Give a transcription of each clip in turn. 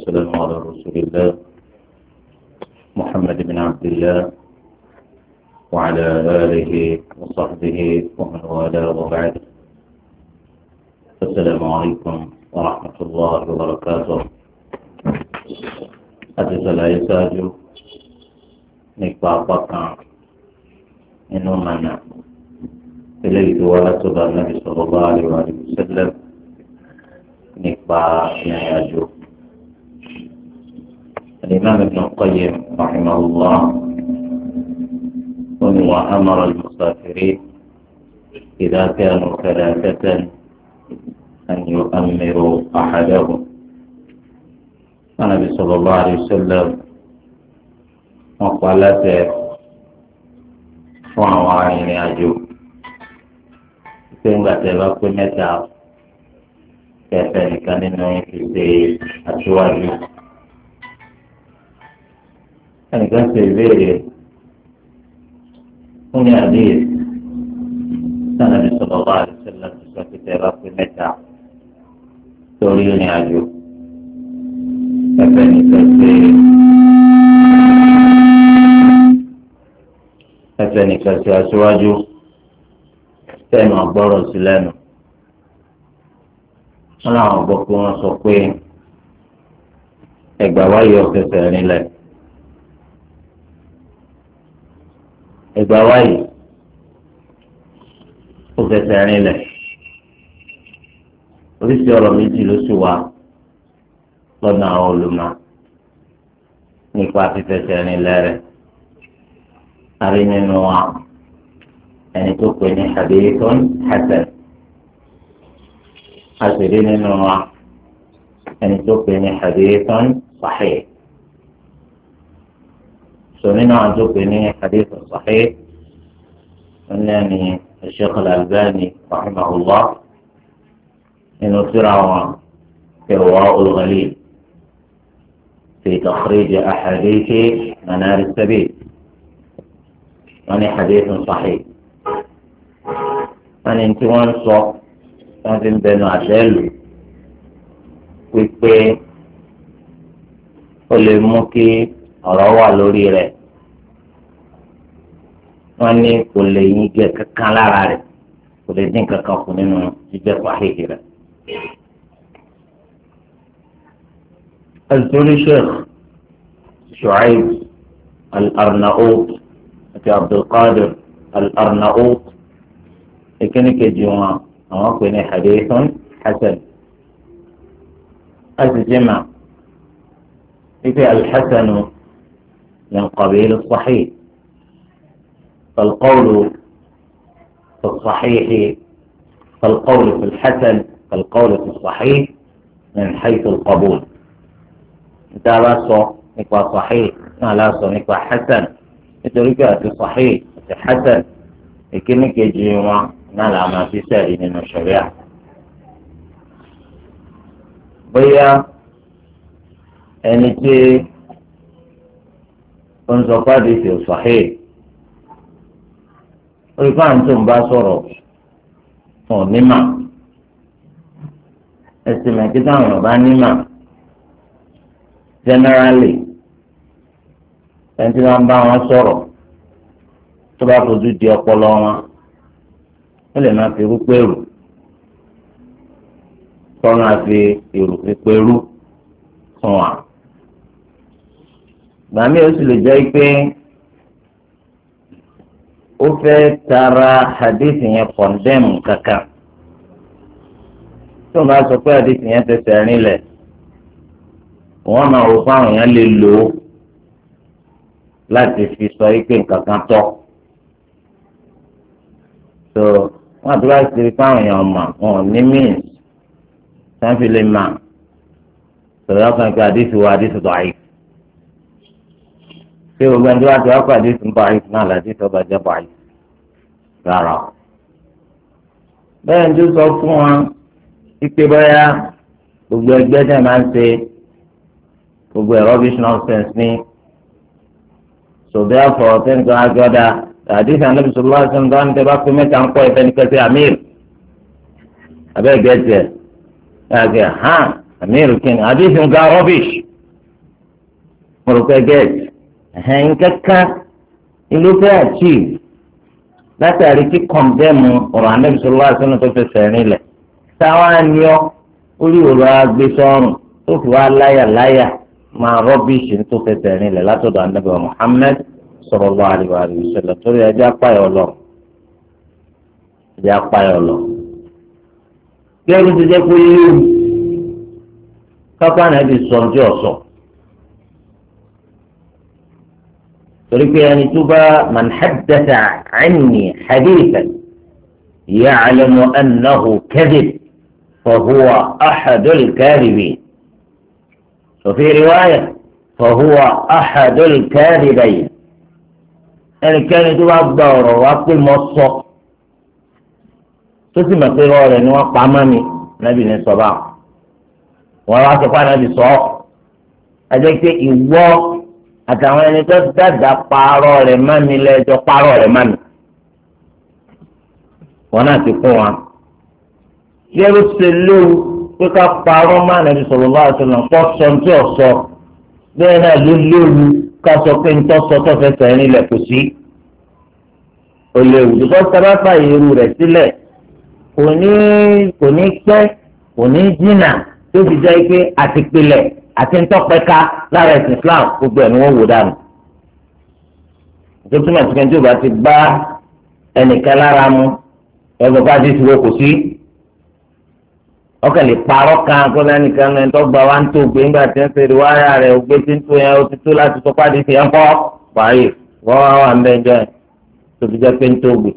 والسلام على رسول الله محمد بن عبد الله وعلى آله وصحبه ومن والاه وبعد السلام عليكم ورحمة الله وبركاته حديث لا يساجو نكبا بطا إنه منا إليه دولة النبي صلى الله عليه وسلم nípa ìrìn الإمام ابن القيم رحمه الله وأمر المسافرين إذا كانوا ثلاثة أن يؤمروا أحدهم النبي صلى الله عليه وسلم وقال فهو عين أجوب فإن تبقى متى كيف كان في أشواجه ẹnìkan ṣe ìbéèrè fún ní àdéhìí sànà bí sọlọ wà àdìsẹlẹ ti sọ pé tẹ ẹ bá pé mẹ́ta torí ìrìn àjò ẹfẹ nìkan ṣe ẹfẹ nìkan ṣe aṣíwájú tẹnu àgbọrọ sí lẹ́nu wọn làwọn gbọ́ pé wọn sọ pé ẹgbàá wáyé ọfẹsẹ rinlẹ. ẹgbà wáyé ó fẹsẹ̀ rinlẹ̀ oríṣi ọ̀rọ̀ méjì ló sì wá lọ́nà àwọn olùmọ̀ nípa fífẹsẹ̀ rinlẹ̀ rẹ̀ àrí nínú wa ẹni tó pè ní hadithun hasan àṣírí nínú wa ẹni tó pè ní hadithun sahih. سمعنا عن جبني حديث صحيح أنني الشيخ الألباني رحمه الله إن سرع كرواء الغليل في تخريج أحاديث منار السبيل أني حديث صحيح أني أنت وانصف أنت بين عدل wípé ó ọ̀rọ̀ wà lórí rẹ̀ wọ́n ní kò lè yín jẹ kankan lára rẹ̀ kò lè dín kankan kù nínú jíjẹ pàhíhì rẹ̀. الزولي شيخ شعيب الأرناؤوط عبد القادر الأرناؤوط ìkíní kejì wọn àwọn pè ní hadithun hasan a sì jẹ́ mà wípé alhassanu من قبيل الصحيح فالقول في الصحيح فالقول في الحسن فالقول في الصحيح من حيث القبول انت لا سو نقوى صحيح انا لا سو نقوى حسن انت لك في صحيح في حسن لكنك wọn náà ما في fi sẹ́ẹ̀lì nínú ṣẹ̀ríà. bóyá ó ń sọ pàdé tí ò sọ̀hẹ́ orí fáwọn tó ń wọn ò ní generally ẹni tí wọ́n bá wọn sọ̀rọ̀ tó bá fojú di ọpọlọ wọn ó lè máa fi rúpẹ́rù kọ́ máa fi èrò pípẹ́rù fún wa gbàmí ó sì lè jẹ́ pé ó fẹ́ tara hadith yẹn kọ̀ndẹ́mù kankan tó máa sọ pé hadith yẹn tẹsẹ̀ rinlẹ̀ wọ́n máa wò fáwọn yẹn lè lò ó láti fi sọ pé nǹkan kan tọ́ so wọ́n àti láti ṣe fáwọn yẹn ọmọ wọn ní means sanfilema sọ̀rọ̀ kan pé hadith wa hadith da'if ṣé gbogbo ẹni tó bá ti wá pàdé ìsìn bọ̀ àyè náà láti tó bá jẹ́ bọ̀ àyè rárá o. bẹ́ẹ̀ ni tó sọ fún wọn wípé bóyá gbogbo ẹgbẹ́ tẹ̀ máa ń ṣe gbogbo ẹ̀ rubbish nonsense ni so therefore tẹ́nìkan àjọ́dá àdìsí anábì sọlá ṣẹlẹ̀ tó ń tẹ́ bá pé mẹ́ta ń kọ́ ẹ̀fẹ́ amir abẹ́ gẹ̀ẹ́sì ẹ̀ ẹ̀ hàn amir kìnnì àdìsí nǹkan rubbish mo rò pé ẹ̀hìn kankan ìlú fẹ́ achieve látàrí kí kọ̀ǹdẹ́mù ọ̀rọ̀ anábìsọ̀rọ̀ àṣẹ́nu tó fẹsẹ̀ rìn lẹ̀ táwọn àníọ́ orí ọ̀rọ̀ agbésọ́rùn tó fi wá láyà láyà máa rọ́bìṣì tó fẹsẹ̀ rìn lẹ̀ látọ̀dọ̀ anábìsọ̀rọ̀ Muhammad sallallahu alaihi wasallam torí ẹjẹ́ apáyọ̀ lọ ẹjẹ́ apáyọ̀ lọ. kí ẹni tó jẹ́ pé yíyú kápá náà ti sọ ní ọ̀sọ̀ طريق يعني توبى من حدث عني حديثا يعلم أنه كذب فهو أحد الكاذبين وفي رواية فهو أحد الكاذبين ان يعني كان يتوب توبى الضر وقت المصر تسمى صغار أنه وقت عمامي نبي الصباح وراسف أنا بصعب أجلت إيوه àtàwọn ẹni tó dàgbà parọ́ rẹ̀ má mi lẹ́jọ́ parọ́ rẹ̀ má mi wọn náà ti kún wa yẹ́rù ṣe léwu pé ká parọ́ má nàbí sọ̀rọ̀ bá àti ọ̀nà pọ̀ sọ̀ntì ọ̀sọ̀ bẹ́ẹ̀ náà ló léwu ká sọ pé ń tọ́sọ tó fẹsẹ̀ ẹni lẹ̀ kò sí ó léwu tó sábà fàyè irú rẹ̀ kò ní kò ní pẹ́ kò ní jìnnà tó fi jẹ́ pé àtìpilẹ̀ àti ntọ́pẹ́ká lára ẹ̀sìn Islam gbogbo ẹ̀ ni wọ́n wò dànù. ìjọba tí màtí kẹ́ńtì ò bá ti bá ẹnìkan lára mu ẹgbẹ́ bá ti tiwọ́ kò sí. ọkàn lè parọ́ kan kó lẹ́nìkan lẹ́nu tó gba wá ń tó gbé ńgbà tí ń ṣe ìwáyà rẹ̀ ògbé tí ń tó yẹn ó ti tó láti tó pàdé ti ẹ̀ ń kọ́ parí wọ́n wá wà ń bẹ́ jọ ẹ̀ tó fi jẹ́ pé ń tó gbé.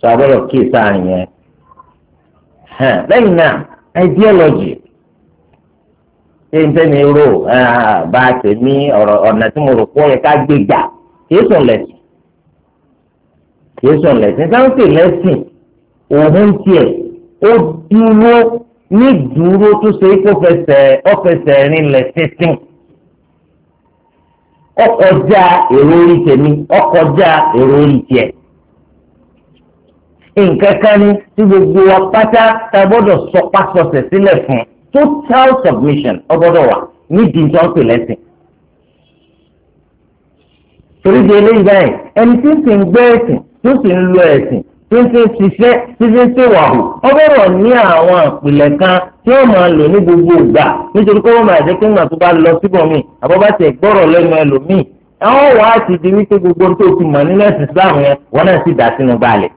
sọ kí ìsáàrin yẹn. lẹ́yìn náà ideology ṣé n tẹ́mi rò bá a tèmi ọ̀nà tí mo rò pé ó yẹ ká gbé gbà kì í sùn lẹ́sìn kì í sùn lẹ́sìn sáńtì lẹ́sìn òun tiẹ̀ ó dúró ní dúró tó ṣe é kó fẹsẹ̀ ọ̀fẹsẹ̀ rinlẹ̀ títí ọkọjá èrò orí tèmi ọkọjá èrò orí tiẹ̀ nǹkan kan ní tí gbogbo wa pátá ta gbọ́dọ̀ sọpasọsẹ̀ sílẹ̀ fún un total submission ọgbọ́dọ̀ wà nídìí tó ń pè lẹ́sìn. torí di eléyìí báyìí ẹni tí ń sì ń gbé ẹ̀sìn tó sì ń lo ẹ̀sìn tó ń sì ń ṣiṣẹ́ tí ń ṣe wàhù ọgbọ́dọ̀ ní àwọn àpilẹ̀ kan tí wọ́n máa lò ní gbogbo ìgbà nítorí pé wọ́n máa jẹ́ kí ńgbà tó bá lọ síbòmíì àbọ̀bá tẹ̀ gbọ́rọ̀ lẹ́nu ẹlòmíì àwọn wàá ti di wípé gbogbo tó ti mọ̀ nílẹ̀ ìsìlámù yẹn wọ́n náà sì dá sínú balẹ̀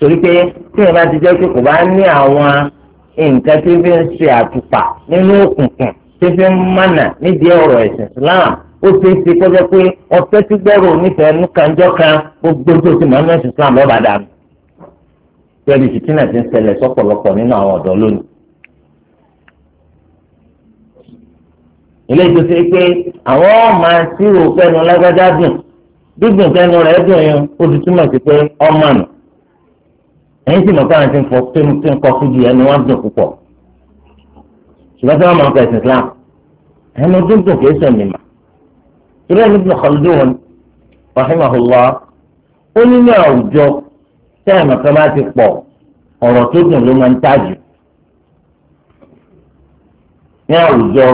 torí pé tí ìyẹn bá ti jẹ́ pé kò bá ní àwọn nǹkan tí fi ń ṣe àtùpà nínú òkùnkùn tí fi ń mànà nídìí ọ̀rọ̀ ẹ̀sìn Islam ó ṣe é ṣe kọjá pé ọ̀fẹ́ tí gbẹ́rù onífẹ̀ẹ́ nìkanjọ́ kan gbogbo tó ti mọ̀ ẹ̀sìn Islam lọ́ba dànù. pẹ̀lú ìṣìkínà ti ń ṣẹlẹ̀ sọ́pọ̀lọpọ̀ nínú àwọn ọ̀dọ́ lónìí. ilé ìjọsìn ṣe pé àwọn ọmọ tí òkẹ́nu lágbájá dùn dídùn kẹ́nu rẹ̀ dùn yẹn ó ti túmọ̀ sí pé ọmọ nù. ẹ̀yin tí mọ̀ pé àwọn ti ń fọ tó ń kọ́ fújì ẹni wọ́n dùn púpọ̀ ṣùgbọ́n tí wọ́n máa ń kọ ẹ̀sìn Islam ẹni ọdún dùn kìí sọ̀ nìmọ̀ ìrẹ́ ní Ibn Khaldun rahimahullah ó ní ní àwùjọ tí àmọ̀ kan bá ti pọ̀ ọ̀rọ̀ tó dùn ló máa ń tàjù ní àwùjọ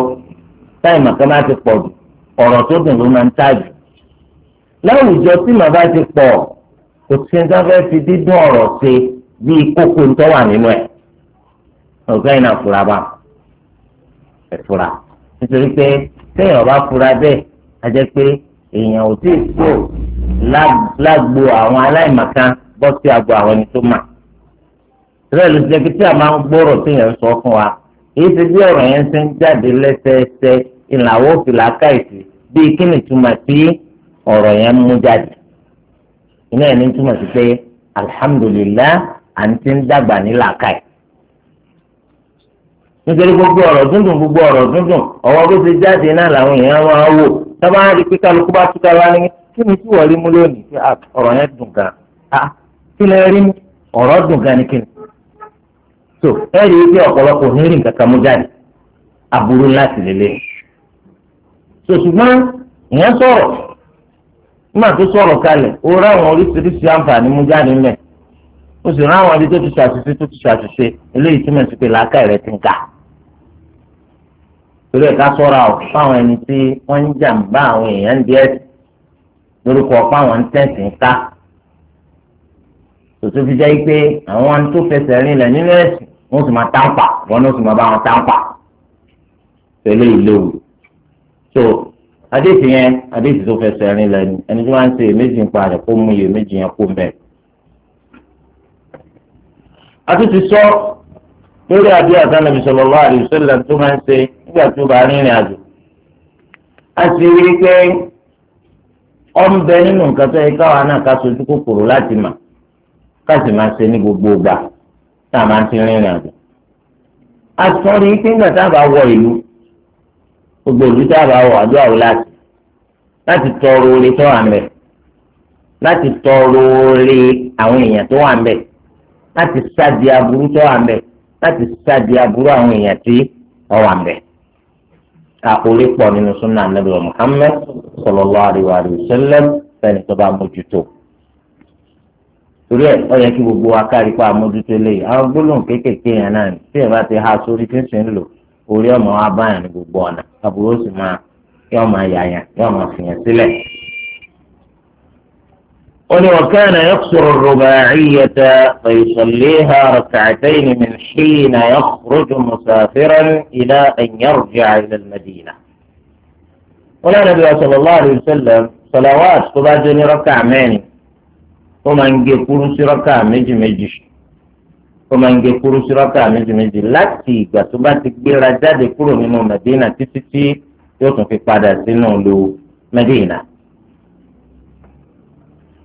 tí àmọ̀ kan bá ti pọ̀ ọ̀rọ̀ tó dùn ló máa ń tàjù láwùjọ tí màá bá ti pọ̀ kò sí ní sáfẹ́ fi dídún ọ̀rọ̀ ṣe. bíi kókó ńtọ́ wà nínú ẹ̀ ọ̀gbẹ́ iná fura bá ẹ̀ fura nítorí pé téèyàn bá fura bẹ́ẹ̀ a jẹ́ pé èèyàn ò tí ì tó lágbo àwọn aláìmọ̀kan bọ́ sí agbo àwọn ẹni tó mà rẹ ló jẹ́ pé tí a máa ń gbọ́rọ̀ téèyàn sọ fún wa èyí ti bí ọ̀rọ̀ yẹn ṣe ń jáde lẹ́sẹẹsẹ ìlàwọ́ òfìlà káìsì bíi kí ni túmọ̀ sí ọ̀rọ̀ yẹn mú jáde iná ẹ̀ ní túmọ̀ sí pé alhamdulillah. àǹtí ń dàgbà a làákàyè nítorí gbogbo ọ̀rọ̀ dúndùn gbogbo ọ̀rọ̀ dúndùn ọ̀wọ́ bó ṣe jáde náà làwọn èèyàn máa wò sábà ń rí bá túká wá ní kí ni tí wọ́n rí mú lónìí ah, ọ̀rọ̀ yẹn dùn gan ah, kí lè rí ọ̀rọ̀ ẹ rí i pé ọ̀pọ̀lọpọ̀ ní mú jáde aburú láti lélẹ̀. ó sì rán àwọn abidjan tó ti ṣàṣìṣe tó ti ṣàṣìṣe eléyìí túmọ̀ sí pé làákà rẹ̀ ti ń ga. torí ẹ̀ka sọ́ra ọ̀ fáwọn ẹni tí wọ́n ń jàǹbá àwọn èèyàn díẹ̀ lórúkọ fáwọn tẹ̀sí ń ká. tòtò fi jẹ́ pé àwọn tó fẹsẹ̀ rinlẹ̀ nínú ẹ̀sìn wọ́n sì máa táǹpà wọ́n náà sì máa bá wọn táǹpà. tẹ́lẹ̀ ìléwu. so adéṣe yẹn adéṣe tó fẹsẹ̀ rinlẹ̀ ẹni tí wọ́n ń ṣe èméjì ń pa rẹ̀ kó mú iye méjì yẹn kó mẹ́rin àti ti sọ lórí àdúrà sanabi sallallahu alaihi wasallam tó máa ń ṣe nígbà tó bá rìnrìn àjò àti rí i pé ọ̀nbẹ nínú nǹkan tó yẹ káwa náà ká sojú kòkòrò láti mà ká sì máa ṣe ní gbogbo ìgbà tá a máa ti rìnrìn àjò àtọ́rí pé nígbà tá a bá wọ ìlú gbogbo ìlú tá a bá wọ àdúrà wò láti láti tọrọ oore tó wà ń bẹ láti tọrọ oore àwọn èèyàn tó wà ń bẹ. láti sáàdì aburú tó wà mbẹ láti sáàdì aburú àwọn èèyàn tí ó wà mbẹ. àkórí pọ̀ nínú súnà ànábì wa Muhammad sallallahu alaihi wa sallam fẹ́ni tó bá mójútó. torí yẹ kí gbogbo wa kárí pa àmójútó lé àwọn gbólóhùn kéékèèké yẹn náà tí ẹ bá ti ha sórí tí ń sìn lò orí ọmọ gbogbo ọ̀nà sì máa yọ ọmọ yọ ọmọ قل وكان يقصر الرباعية فيصليها ركعتين من حين يخرج مسافرا إلى أن يرجع إلى المدينة قال النبي صلى الله عليه وسلم صلوات تبادل ركع ماني ومن يقول ركع مجمجش ومن يقول ركع مجمج لاتي تبادل رجال كل من المدينة تسيتي يوتن في قادة سنو لو مدينه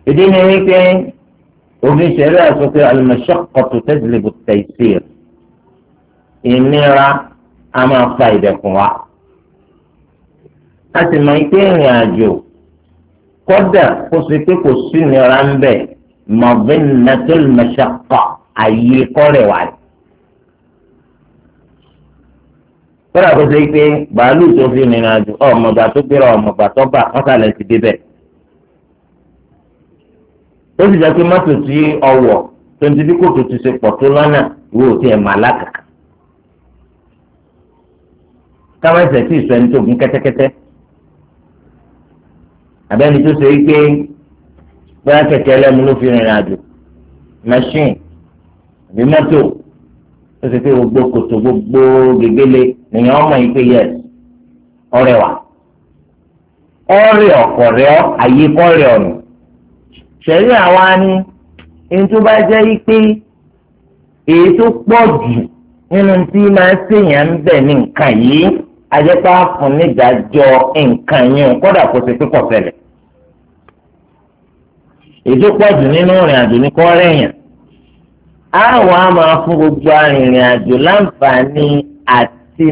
ìdí ni wípé òfin ṣẹlẹ̀ àsopẹ al-mashaqqatu tajlibu at-taysir ìnira a máa fa ìdẹ̀kùn wa a sì mọ ike ìrìn àjò kódà kó sì pé kò sí ìnira ń bẹ madinnatul mashaqqa àyè kọrẹ wà ní. kódà kó sì pé bàálù tó fi ìrìn àjò ọmọọba tó gbéra ọmọọba tó bà wọn kàlẹ̀ ti débẹ̀ ó sì jẹ́ pé mọ́tò tí ọwọ́ tó ń tibí kòtò ti ṣe pọ̀ tó lọ́nà ìwé òtí ẹ̀ máa lákàkà. káwọn ẹsẹ̀ tí ìsọ ẹni tó gún kẹ́tẹ́kẹ́tẹ́ àbẹ́ni tó ṣe é pé bóyá kẹ̀kẹ́ ẹlẹ́mu ló fi rìnrìn àjò machine àbí mọ́tò ó sì pé gbogbo kòtò gbogbo gègéle nìyẹn ọmọ yìí pé yẹs ọrẹ wa ọrẹ ọkọ rẹ ayé kọ rẹ ọnù. ṣẹ̀rí àwa ni ẹni tó bá jẹ́ pé èyí tó pọ̀ jù nínú tí máa ṣèyàn ń bẹ̀ ní nǹkan yìí ajẹ́pá fún nídàájọ́ nǹkan yẹn kó pípọ̀ èyí tó pọ̀ gbogbo arìnrìn àjò láǹfààní àti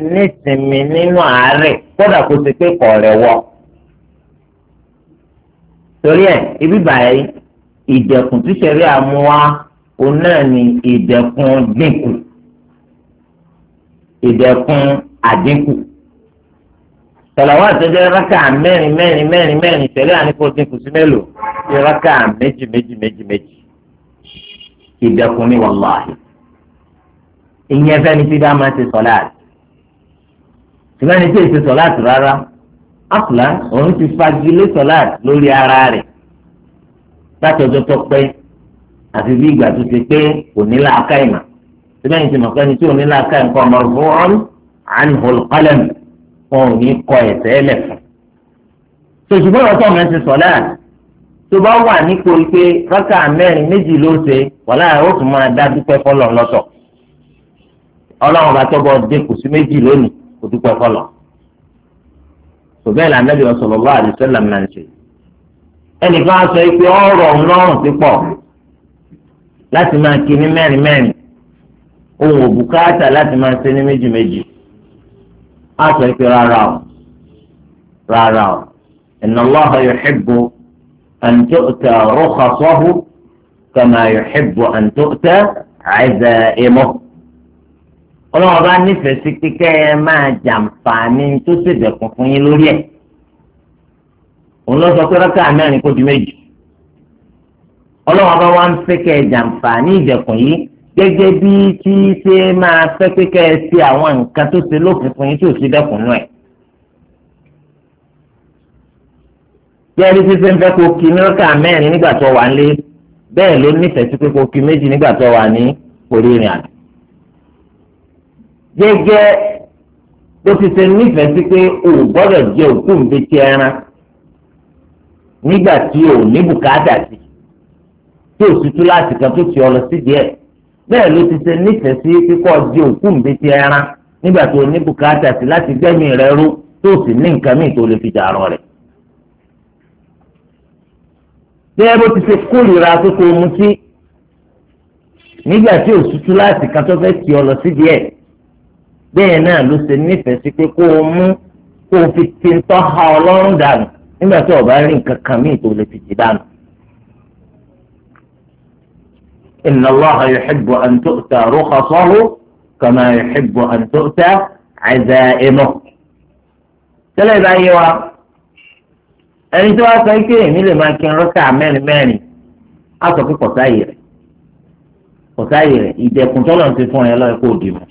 nínú àárẹ̀ kó torí ẹ̀ ibi báyìí ìdẹ̀kùn tí sẹ̀rí àmúwá òun náà ni ìdẹ̀kùn dínkù ìdẹ̀kùn àdínkù tọ̀làwọ́ àtẹ́jẹ́ rákà mẹ́rin mẹ́rin mẹ́rin mẹ́rin sẹ̀rí àníkó dínkù sí mélòó sí rákà méjì méjì méjì méjì ìdẹ̀kùn ní wàláhì ìyẹn fẹ́ni tí dá máa ti sọ̀láàtì ṣùgbọ́n ẹni tí èsì sọ̀láàtì rárá àpùlá òun ti fagilé sọláàt lórí ara rẹ̀ látọjọ́ tó pẹ́ àti bí ìgbà tó ti pé kò ní láàká ìmà síbẹ̀ ní ti mọ̀ pẹ́ni tí ò ní láàká nǹkan marfu'un anhu al-qalam wọn ò ní kọ ẹ̀sẹ̀ ẹlẹ̀ fún. sòṣùgbọ́n ọ̀tọ̀ mi ti sọláàt tó bá wà nípò pé rákà mẹ́rin méjì ló ṣe wàhálà ó tún máa dá dúpẹ́ fọlọ́ lọ́tọ̀ ọlọ́run bá tọ́ dínkù sí méjì lónìí kò dúpẹ́ fọlọ́ kò bẹ́ẹ̀ la nẹ́bí sallallahu alaihi wasallam náà ń ṣe. ẹnì kan sọ pé ọ̀rọ̀ ńlọrùn pọ̀ láti máa kí ní mẹ́rin mẹ́rin ohun òbúkátà láti máa ṣe ní méjì méjì á sọ pé rárá o rárá o ọlọ́hà yóò inna Allaha tẹ ọ̀rọ̀ tu'ta rukhasuhu kama yóò yuhibbu tẹ àìsàn ẹ̀mọ́. ọlọ́run bá nífẹ̀ẹ́ sí kíkẹ́ ẹ máa jàǹfààní tó ṣèdẹ̀kùn fún yín lórí ẹ̀ òun ló sọ pé rákà mẹ́rin kó di méjì ọlọ́run bá wá ń fẹ́ kẹ́ ẹ jàǹfààní ìdẹ̀kùn yìí gẹ́gẹ́ bí tí ṣe máa fẹ́ pé kẹ́ ẹ ṣe àwọn nǹkan tó ṣe lófin fún yín tí ò sí dẹ́kun nù ẹ̀. yẹ́rì ṣíṣe ń fẹ́ kó kí ní rákà mẹ́rin nígbà tó wà nílé bẹ́ẹ̀ ló nífẹ̀ẹ́ sí kó kí méjì nígbà tó wà ní orí ìrìn àjò gẹ́gẹ́ bó ti ṣe nífẹ̀ẹ́ sí pé o gbọ́dọ̀ jẹ òkú nbẹ̀tì ẹran nígbà tí o ní bùkátà sí tí o sì tú láti kan tó ti ọlọ sí díẹ̀ bẹ́ẹ̀ ló ti ṣe nífẹ̀ẹ́ sí kíkọ́ jẹ òkú nbẹ̀tì ẹran nígbà tó o ní bùkátà sí láti gbẹ́mìí rẹ ró tó sì ní nǹkan míì tó lè fi dàrọ rẹ̀. bẹ́ẹ̀ bó ti ṣe kórìíra kókó mu sí nígbà tí o sì tú láti kan tó fẹ́ ti ọlọ sí díẹ̀ bẹ́ẹ̀ náà ló ṣe nífẹ̀ẹ́ sí pé kó o mú kó o fi ti ń tọ́ ha ọlọ́run dànù nígbà tí o bá rí nǹkan kan míì tó lè fi ti dànù. inna Allaha yuhibbu an tu'ta rukhasahu kama yuhibbu an tu'ta azaa'imuhu. tẹ́lẹ̀ báyìí wa ẹni tí wàá sọ pé èmi lè máa kí n rọ́kà mẹ́rin mẹ́rin á sọ pé kọ̀sáyì rẹ̀ kọ̀sáyì rẹ̀ ìdẹ̀kùn tọ́lọ̀ ń ti fún ẹ lọ́ọ́ kó dì mọ́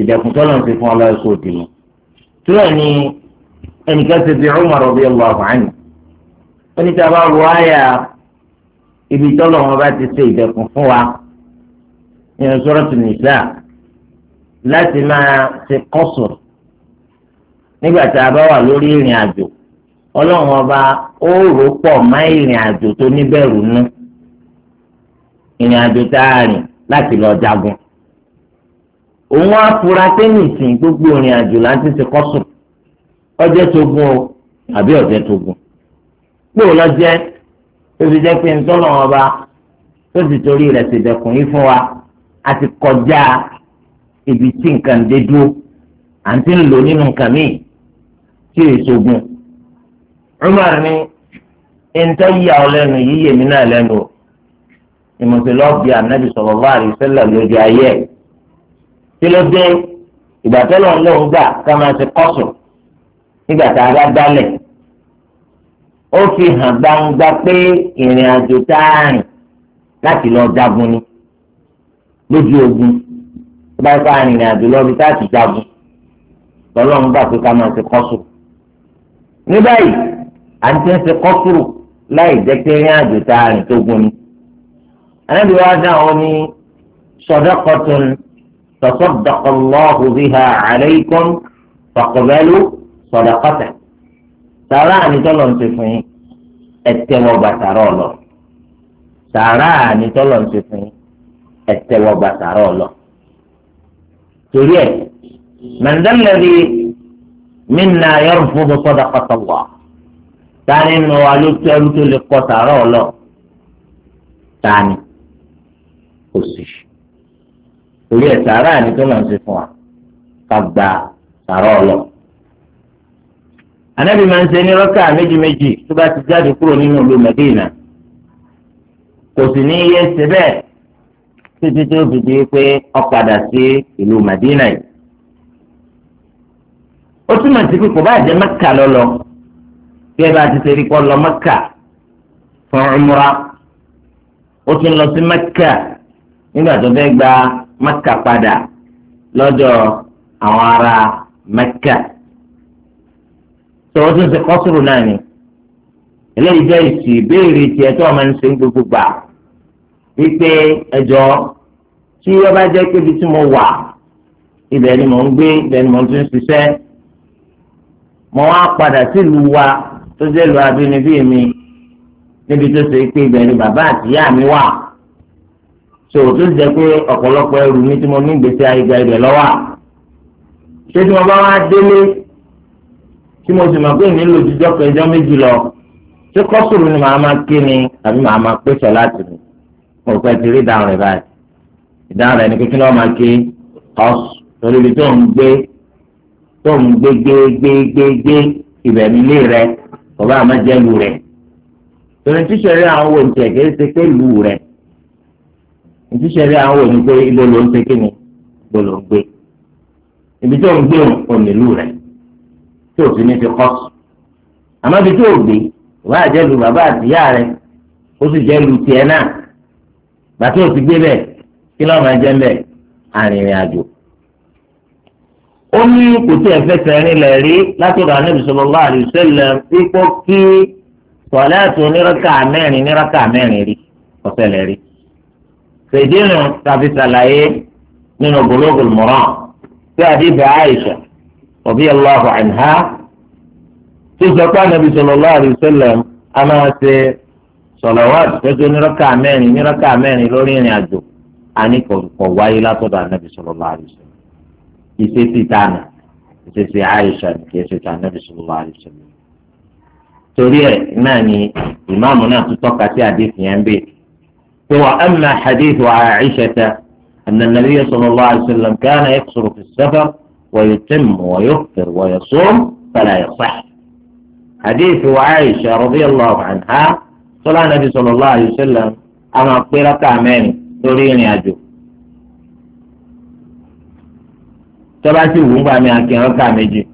ìdẹ̀kùn tọ́lọ̀ ń ṣe fún ọlọ́run sóò dì mí. túrọ̀ ni ẹnìkan ṣe fi Umar radiyallahu anhu ó ní tábà wọ àyà ibi tọ́lọ̀ wọn bá ti ṣe ìdẹ̀kùn fún wa nínú Suratu Nisa láti máa ṣe kọ́sùn nígbà tá a bá wà lórí ìrìn àjò ọlọ́run ọba ó rò pọ̀ má ìrìn àjò tó níbẹ̀rù nú ìrìn àjò tá a rìn láti lọ jagun òun á fura pé nìsín gbogbo ìrìn àjò láti ṣe kọ́sùn ọjẹ́ tógun o àbí ọ̀jẹ́ tógun pé ò lọ́jẹ́ tó fi jẹ́ pé ntọ́nà ọba tó ti torí rẹ̀ ti dẹ̀kùn yìí fún wa a ti kọjá ibi tí nǹkan dé dúró à ń ti ń lò nínú nǹkan míì tí èso gun Umar ni ntọ́ yíya ọ lẹ́nu yíyẹ mi náà lẹ́nu o ìmọ̀tò lọ́ọ́ bí anabi lójú ayé ẹ̀ kí ló dé ìgbà tó gbà ká máa ṣe kọ́sùn nígbà tá a bá dálẹ̀ ó fi hàn gbangba pé ìrìn àjò tá a rìn láti lọ jagun ni lójú ogun tó bá fà rìnrìn àjò lọ bí tá a ti jagun lọ́lọ́run gbà pé ká máa ṣe kọ́sùn ní báyìí à ń tẹ́ ń ṣe kọ́sùrù láì jẹ́ pé ìrìn àjò tá a rìn tó gun ni. ànábìwá dáhùn ní sọdọ́kọ̀tún. تصدق الله بها عليكم فاقبلوا صدقته sàrà ni tọ́lọ̀ ń ṣe fún yín ẹ̀tẹ́wọ́ bàtàrà ọ̀lọ́ sàrà ni tọ́lọ̀ ń ṣe fún yín ẹ̀tẹ́wọ́ bàtàrà ọ̀lọ́ torí ẹ̀ mẹ̀ndẹ́lẹ́rì minna yarfudu sadaqata Allah tani nù wa ló tẹ́rù tó lè kọ́ sàrà ọ̀lọ́ tani kò sí i torí ẹ̀ sàárà ni tó lọ́n ṣe fún wa ká gba sàárà ọlọ. anábì máa ń ṣe ní rọ́kà méjì méjì tó bá ti jáde kúrò nínú ìlú Mẹ́dínà kò sì ní yé ṣe bẹ́ẹ̀ títí tó fi di pé ó padà sí ìlú Mẹ́dínà yìí. ó túmọ̀ sí pé kò bá jẹ́ Mẹ́kà lọ́lọ́ bí ẹ bá ti ṣe rí kọ́ lọ Mẹ́kà fún umrah ó tún lọ sí Mẹ́kà nígbà tó fẹ́ gba mẹ́kà padà lọ́dọ̀ àwọn ará mẹ́kà tọ́wọ́ tó ń ṣe kọ́sùrù náà ni eléyìí jẹ́ ìsì ìbéèrè tiẹ̀ tó ọmọ ń ṣe ń gbogbo gbà wípé ẹjọ́ tí wọ́n bá jẹ́ pé ibi tí mo wà ibẹ̀ ni mò ń gbé ibẹ̀ ni mò ń tún ṣiṣẹ́ mo wá padà sílùú wa tó jẹ́ lu abínibí mi níbi tó ṣe pé ibẹ̀ ni bàbá àtìyá mi wà so tó ti jẹ pé ọ̀pọ̀lọpọ̀ ẹrù mi tí mo ní gbèsè àìgbà ibẹ̀ lọ́wọ́ ṣé tí mo bá wá délé tí mo sì mọ̀ pé mi ń lò jíjọ́ pé ẹjọ́ méjì lọ ṣé kọ́sùrù ni màá máa ké ni àbí màá máa pèsè láti mi mo fẹ́ ti rí ìdáhùn rẹ̀ báyìí ìdáhùn rẹ̀ ni pé kí ni wọ́n máa ké ọ̀sùn torí ibi tó ń gbé tó ń gbé gbé gbé gbé gbé ibẹ̀ nílé rẹ̀ bàbá àmọ́ jẹ́ lù rẹ̀ torí tíṣẹ̀rí àwọn ohun tẹ̀ kì í ṣe pé lù rẹ̀ ìtúsẹ̀ rí àwọn òní pé ibo ló ń ṣe kí ni ibo ló ń gbé ibi tó ń gbé onílù rẹ̀ tí òfin ní fi kọ́ sùn àmọ́ ibi tó gbé ìwà àjẹlù bàbá àtìyá rẹ̀ ó sì jẹ́ lu tiẹ̀ náà bàtí ò ti gbé bẹ́ẹ̀ kí ló máa jẹ́ bẹ́ẹ̀ arìnrìn àjò. ó ní kò tí ẹ fẹsẹ̀ rinlẹ̀ rí látọ̀dọ̀ anábì sallallahu alaihi wasallam ipò kí sọ̀lá tó níraka mẹ́rin níraka mẹ́rin rí ọ̀sẹ̀ lẹ́rìí ṣèdínú tàbí ṣàlàyé nínú Bulughul Maram tí àdìbò Aisha radiyallahu anha tó sọ pé Ànábì sallallahu alaihi wasallam a máa ṣe sọlọwọd tọjú nírọkà mẹ́rin nírọkà mẹ́rin lórí ìrìn àjò àní kò wáyé látọ̀dọ̀ Ànábì sallallahu alaihi wasallam ìṣesí tánà ìṣesí Aisha nìkẹ́ ṣe tánà Ànábì sallallahu alaihi wasallam torí ẹ̀ náà ni ìmáàmù náà tún tọ́ka sí àdéhùn yẹn bẹ́ẹ̀. وأما حديث عائشة أن النبي صلى الله عليه وسلم كان يقصر في السفر ويتم ويفطر ويصوم فلا يصح حديث عائشة رضي الله عنها صلى النبي صلى الله عليه وسلم أنا قيل كامين تريني أجو tọ́ba sì بامي أكين gbà mí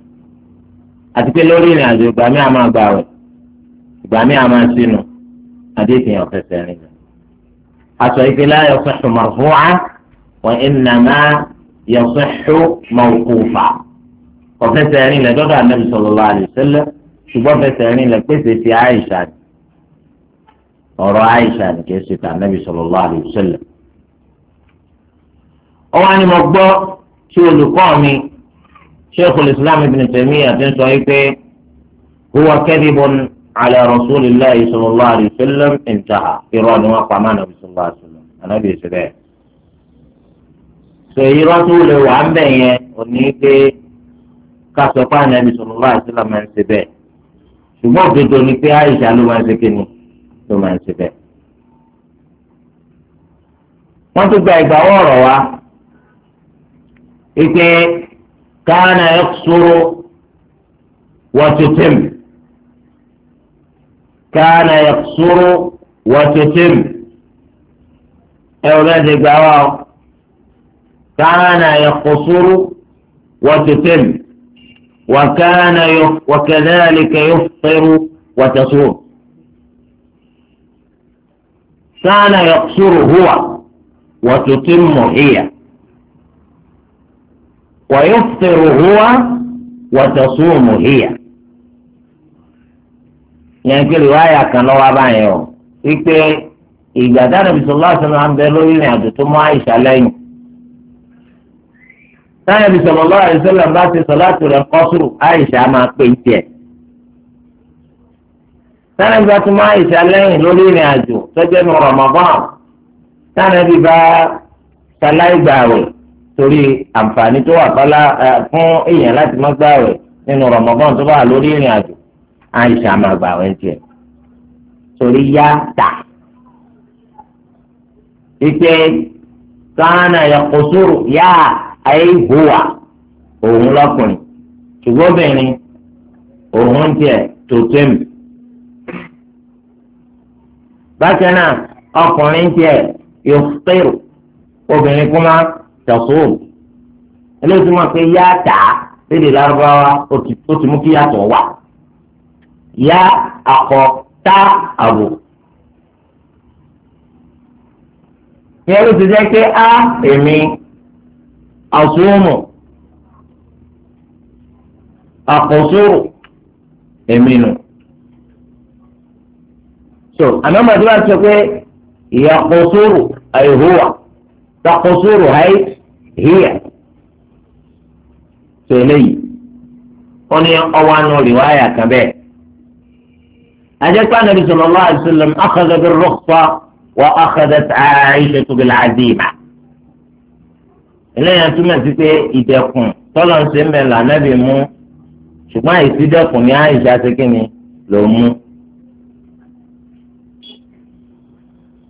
أتكي لوريني أجو بامي أما lórí بامي أما سينو حديث يوفي سينينا aṣọ ìpínlẹ̀ yasihu marfu'a wa innama yasihu mawqufa ọ̀fẹ́sẹ̀ ẹ̀rin lẹ̀ dọ́dọ̀ anabi sallallahu alaihi wasallam ṣùgbọ́n fẹsẹ̀ ẹ̀rin lẹ̀ pèsè ti àìsà ọ̀rọ̀ àìsà ni kìí ṣe ti anabi sallallahu alaihi wasallam. ọwọ́ ni mo gbọ́ tí olùkọ́ mi sheikhul islam ibn taymiyyah ti ń sọ yìí pé huwa kadhibun ala rasulillahi sallallahu alayhi wa sallam intaha irọ́ ni wọ́n pa mánà bisalòláhi sallam anábì èsì bẹ́ẹ̀. sọ irọ́ tó lè wà ń bẹ̀ yẹn òní pé ká sọ pé anábì sallallahu alayhi wa sallam máa ń ṣe bẹ́ẹ̀ ṣùgbọ́n òdodo ni pé àìsà ló máa ń ṣe kíni ló máa ń ṣe bẹ́ẹ̀. wọ́n tún gba ìgbà wọ̀rọ̀ wa ike kana yaksuru wa tutim. كان يقصر وتتم أولاد أيوة، جواب كان يقصر وتتم وكان يف وكذلك يفطر وتصوم كان يقصر هو وتتم هي ويفطر هو وتصوم هي yẹn kí riwaya kan lọ́wọ́ báyẹn o wípé ìgbà dáná bisalòlá sọlá ń bẹ lórí ìrìn àjò tó mọ àyíṣà lẹ́yìn táyà bisalòlá àyíṣàlá bá ti sọlá tó rẹ kọ́sùrù àyíṣà máa pè tiẹ̀ táyà bá tó mọ àyíṣà lẹ́yìn lórí ìrìn àjò tọ́jú ẹnu Ramadan táyà bá sàlàyé gbààwẹ̀ torí àǹfààní tó wà fún èèyàn láti má gbààwẹ̀ nínú Ramadan tó bá lórí ìrìn àjò àìsàn máa gbà wẹ́n tiẹ̀ torí yá tà wípé káànà yàkùsùrù yá àìhùwà òun lọkùnrin ṣùgbọ́n obìnrin òun tiẹ̀ tó tẹ́mi. bákan náà ọkùnrin tiẹ̀ yóò fẹ́rù obìnrin kúmá tẹ̀sùn eléyìí tó máa pé yá tà lédè lárúbáwá ó ti mú kí yàtọ̀ wà ya akọ tá àbò. yẹ́n ló ti jẹ́ pé a èmi àsùnwòmù àkọsùrù èmi nù. so àmọ́ màdúrà sọ pé ìyàkọsùrù àìhùwà tàkọsùrù àìhíyà. so eléyìí wọ́n ní ọwọ́ àánú rìwáyà kan bẹ́ẹ̀. أجل النبي صلى الله عليه وسلم أخذ بالرخصة وأخذت عائشة بالعزيمة إلينا túmọ̀ sí pé ìdẹ̀kùn tọ́lọ̀ ń ṣe ń bẹ̀ lànàbì mú ṣùgbọ́n àìsídẹ̀kùn ní àìsí aṣèkínni ló mú.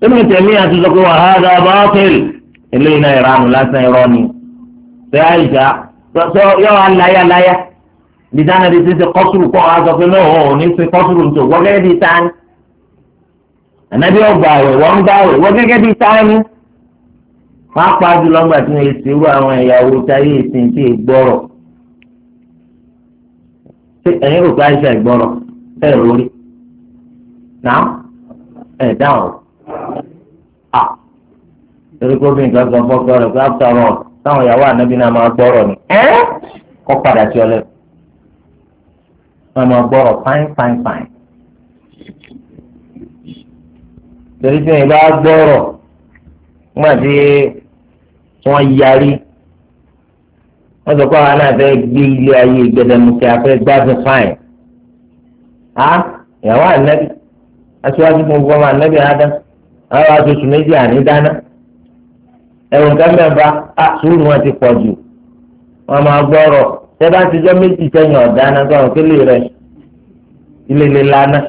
Ibn Taymiyyah àti sọ pé wàhálà bọ́ọ̀kìl eléyìí náà ìranù lásán irọ́ ni. Ṣé àìsá yọ aláyáláyá? bìtánà bí títí kọ́sùrù kọ́ wa sọ pé náà ò ní fi kọ́sùrù tó wọ́n gẹ́gẹ́ bí tání ànábì ọgbà rẹ̀ wọ́n ń gbà rẹ̀ wọ́n gẹ́gẹ́ bí tání wọ́n á pa jùlọ ńgbà tí wọ́n ti rú àwọn ìyàwó táyé ìsìn tí ìgbọ́rọ̀ ẹ̀yin rò pé àìsàn ìgbọ́rọ̀ ẹ̀ lórí náà ẹ̀ dáhùn torí kó bí nǹkan kan fọ́ gbọ́rọ̀ pé after all táwọn ìyàwó ànábì náà máa gbọ́rọ̀ ni ẹ́ kọ́ padà sí ọlẹ́kùn wọn máa gbọ́rọ̀ fáin fáin fáin. torí tí wọn bá gbọ́rọ̀ nígbà tí wọ́n yarí wọ́n sọ pé àwọn náà fẹ́ gbé ilé ayé gbẹdẹmukẹ́ afẹ́ gbádùn fáin. a ìyàwó ànábì aṣíwájú fún gbọmọ ànábì ádá àwọn aṣoṣù méjì àní dáná ẹ̀wọ̀n kẹ́mẹ́ẹ̀bá àṣùrù wọn ti pọ̀ jù wọ́n máa gbọ́rọ̀ tẹ́bá ti jọ méjì tẹ́yìn ọ̀dáná sọ̀rọ̀ kí lè rẹ̀ ilé lè lana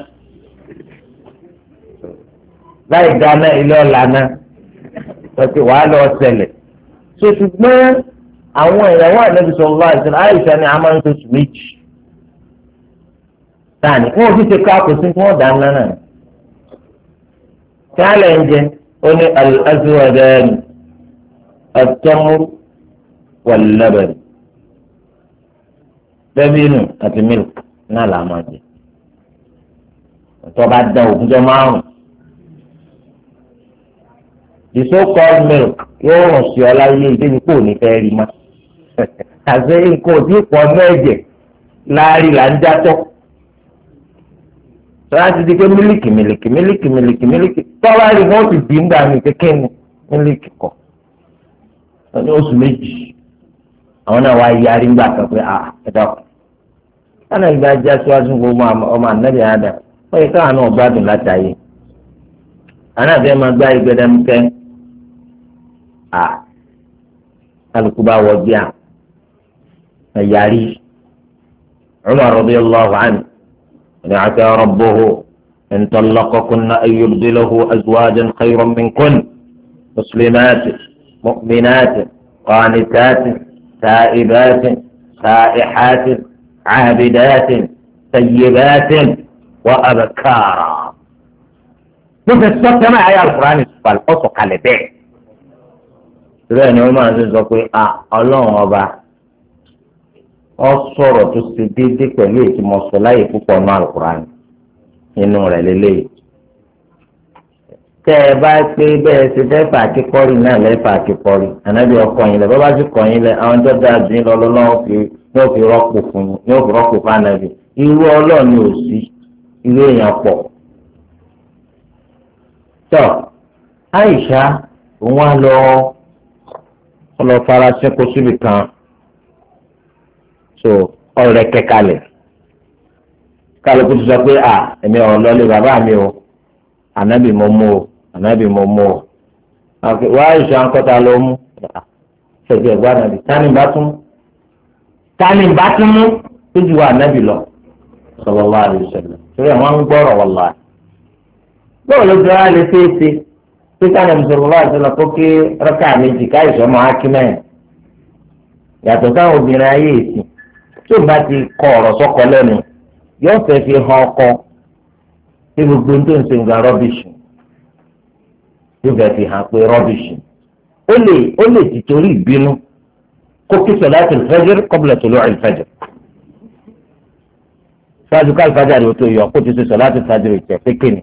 láì dáná ilé ọ̀làna pẹ̀pẹ̀ wàá lọ ṣẹlẹ̀ so ṣùgbọ́n àwọn ìyàwó ànábi sọ̀rọ̀ láì sọ̀rọ̀ àìsàn ni a máa ń tó sùn méjì tani wọn ò fi ṣe ká kò sí fún ọ̀dà ńlá náà kí ń jẹ ó ní al-azwadani at-tamr wal-laban dẹ́bìnù àti mílk náà là á máa jẹ tó bá dán ògúnjọ́ márùn the so called milk yóò rùn sí ọ láyé ìdíbi kò ní fẹ́ rí ma àti nǹkan ò tí ì pọ̀ ọdún ẹ̀jẹ̀ láàrin là ń játọ́ tọ́lá ti di pé mílíkì mílíkì mílíkì mílíkì mílíkì tọ́lá rí wọ́n ti dì í gbà mí kékeré ni mílíkì kọ̀ ní oṣù méjì àwọn náà wá yarí gbà kan pé à ah, ẹ dákun ọ̀nà ìgbà já síwájú gbogbo ọmọ ànábì àdá wọ́n yẹ káwọn náà gbádùn látàyè ànábì máa gbá ìgbẹ́dẹ́mukẹ́ à kálukú bá wọ bíà ẹ̀yàrí Umar radiyallahu anhu ni àti rabbuhu in tallaqakunna an yubdilahu azwajan khayran minkunna muslimatin mu'minatin qanitatin ta'ibatin sa'ihatin. عابدات طيبات وأبكارا nípa sọ́kì ẹ̀ máa yà alukurani sọ̀rọ̀ ọ̀sọ̀ kalẹ̀ bẹ́ẹ̀. Bẹ́ẹ̀ ni wọ́n máa ń sọ pé à ọlọ́run ọba ọ sọ̀rọ̀ tó ṣe déédé pẹ̀lú èyí mo sọ láyè púpọ̀ nínú alukurani nínú rẹ̀ lélẹ́yìí. Tẹ́ ẹ bá pé bẹ́ẹ̀ ṣe fẹ́fà àti kọ́rì náà lẹ́fà àti kọ́rì ànábì ọkọ yín lẹ̀ bọ́ bá sì kọ́ yín lẹ̀ àwọn tó dáa jù yín lọ lọ́wọ́ fi ní òfin rọ́pò fún ní òfin rọ́pò fún ànábì irú ọlọ́ọ̀ni ò sí irú èèyàn pọ̀. tọ́ Àìṣà òun á lọ lọ fara sínkú síbi kan so ọ̀rẹ́ kẹkalẹ̀ kálukú ti sọ pé à èmi ọ̀rọ̀ lọ́lé bàbá mi o ànábì mo mú o ànábì mo mú o wá Àìṣà ń ló mú ṣèjì ẹ̀gbọ́n ànábì tani bá tún tani bá ti mú tó ju ànábì lọ sallallahu alaihi wasallam torí àwọn ń gbọ́rọ̀ wallahi báwo ló ti wá lè ṣe é ṣe pé káni sallallahu alaihi wasallam kó kí rákà méjì káyọ̀sọ́ máa kí mẹ́rin yàtọ̀ táwọn obìnrin ayé ìsìn tí o bá ti kọ ọ̀rọ̀ sọ́kọ lẹ́nu yóò fẹ́ fi hàn ọkọ tí gbogbo ń tó ń sèǹgà rọ́bìṣì yóò fẹ́ fi hàn pé rọ́bìṣì ó lè ó lè ti ìbínú kó kí sọláàtì fẹjìr kọbìlẹ tó lọ ìfẹjìr ṣáàjú ká ìfẹjìr ló tó yọ kó ti ṣe sọláàtì fẹjìr ìtẹ pékè ni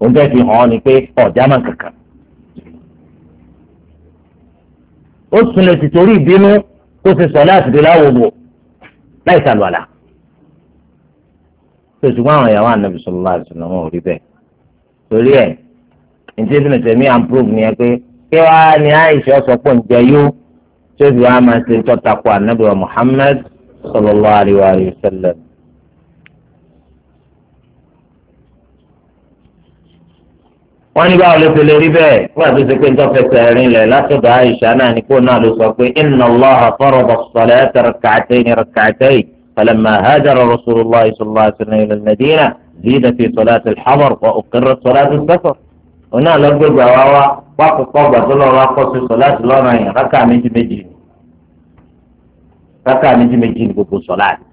òun jẹ fi hàn án ni pé ọjà máa kankan ó sùn lè ti torí ìbínú kó ṣe sọláàtì bí láwòwò láì sàlùwàlà tó ṣùgbọ́n àwọn ìyàwó ànábì sọlá àti sọlá ò rí bẹ́ẹ̀ torí ẹ̀ ní tí ìbínú tẹ̀mí à ń prove ni ẹ pé kí wàá ní àìsí ọ̀sọ̀ pọ̀ ń jẹ yóò. jẹ́bi wa máa ṣe tọ́ta kó anabi wa muhammed sallallahu alayhi wa sallam. wọ́n ní báwo ló ti lè rí bẹ́ẹ̀ wọ́n àti ṣe pé ń tọ́fẹ́ sẹ́rin lẹ̀ látọ̀dọ̀ àyíṣà náà ní kó náà ló sọ pé inna allaha farada as-salata rak'atayn rak'atayn falamma hajara rasulullah sallallahu alayhi wa sallam ila al-madina zida fi salati al-hadar wa uqirrat salati as-safar. oní àlọ́gbẹ̀gbà wa wá wá kọ́kọ́ gbàtọ́lọ́ wa kọ́ sí sọ̀láàtì yẹn gbogbo sọ̀láàtì.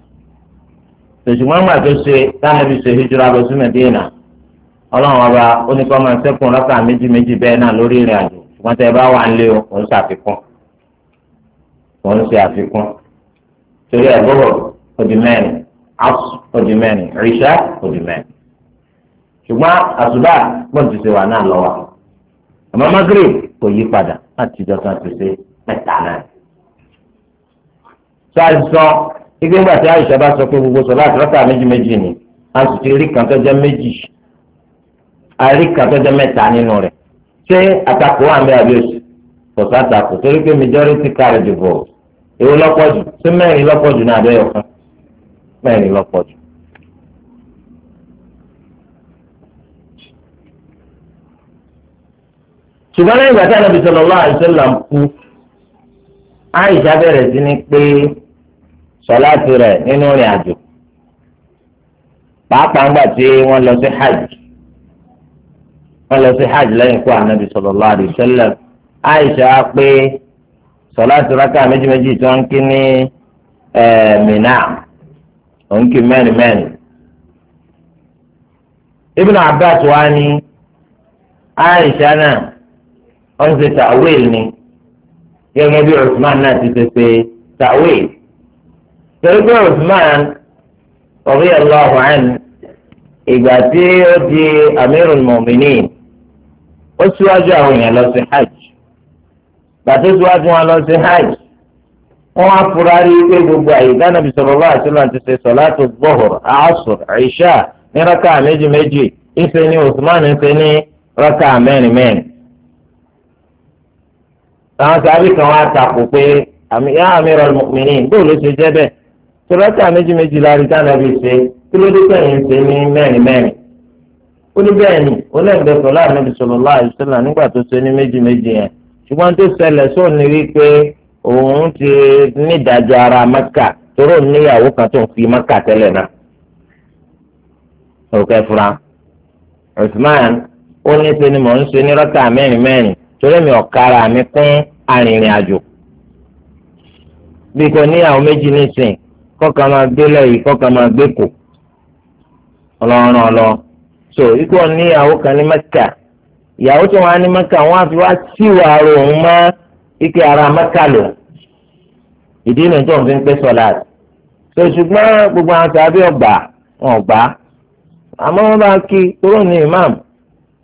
tòṣùmọ́ àgbà tó táwọn ṣe hijira lọ sí Mẹ́dínà ọlọ́run ọba ó máa ṣẹ́kùn rákà méjì méjì bẹ́ẹ̀ náà lórí ìrìn àjò tẹ́ bá wà o ṣùgbọ́n àsùbà bọ́n ti ṣe wà náà lọ́wọ́ àmọ́ magre kò yí padà láti ìjọ kan ti ṣe mẹ́ta náà. sọ àìsàn igi ńgbà tí àìsàn bá sọ pé gbogbo sọ láti rọ́tà méjì ni a sì ti rí kan tó jẹ́ méjì àrí kan tó jẹ́ mẹ́ta nínú rẹ̀ ṣé àtakò wà ní abiyọsù kò sá àtakò torí pé majority carry the vote lọ́pọ̀ jù ṣé mẹ́rin lọ́pọ̀ jù ní abẹ́yọ̀ kan mẹ́rin lọ́pọ̀ jù. ṣùgbọ́n lẹ́yìn ìgbà tí sallallahu alaihi wasallam kú àìsà bẹ̀rẹ̀ sí ni pé sọláàtì rẹ̀ nínú rìn àjò pàápàá ńgbà lọ sí hajj wọ́n lọ sí hajj lẹ́yìn ikú sallallahu alaihi wasallam àìsà pé sọláàtì rákà méjìméjì tí wọ́n ń kí ní mina òun kí mẹ́rin mẹ́rin ni àìsà náà. wọ́n ń ṣe tàwéèl ni gẹ́gẹ́ bí Usman náà ti ṣe ṣe tàwéèl. torí pé Usman radiyallahu anhu ìgbà tí ó di amirul mu'minin ó síwájú àwọn èèyàn lọ sí hajj gbàtó síwájú wọn lọ sí hajj wọn á fura rí i pé gbogbo àyè dánàbí sallallahu alaihi wasallam ti ṣe salatu zuhur asr isha ní rákà méjì ìṣe ní Usman ń ṣe ní rákà mẹ́rin mẹ́rin àwọn sábì kan wá takò pé àmì yá amiral mu'minin bóòlù ló ṣe jẹ́ bẹ́ẹ̀ tòlọ́tà méjì méjì láàrin táwọn ẹbí ṣe kí ló dé sẹ́yìn ṣe ní mẹ́rin mẹ́rin ó ní bẹ́ẹ̀ ni olóògbé sọlá ànábì sallallahu alaihi wasallam nígbà tó ṣe ní méjì méjì yẹn ṣùgbọ́n tó ṣẹlẹ̀ sóò ní wípé òun ti nídàájọ́ ara mẹ́kà toró níyàwó kan tó ń fi mẹ́kà tẹ́lẹ̀ náà òkè fura Usman ó ní ṣe ni mò ń ṣe ní rọ́tà mẹ́rin mẹ́rin torí mi ọ̀kara mi kún arìnrìn àjò bí kò níyàwó méjì nísìn kọ́ka máa gbé lẹ́yìn kọ́ka máa gbé kù ọlọ́run ọlọ́ so ikú níyàwó kan ní mẹ́kà ìyàwó tó wà ní mẹ́kà wọ́n á fi wá síwò àrò òun mọ́ ike ara mẹ́kà lò ìdí ìlú tó ń fi ń pẹ́ sọ́lá so ṣùgbọ́n gbogbo àwọn tàbí ọgbà wọn ọgbà àmọ́ wọ́n bá kí kúrò ní imam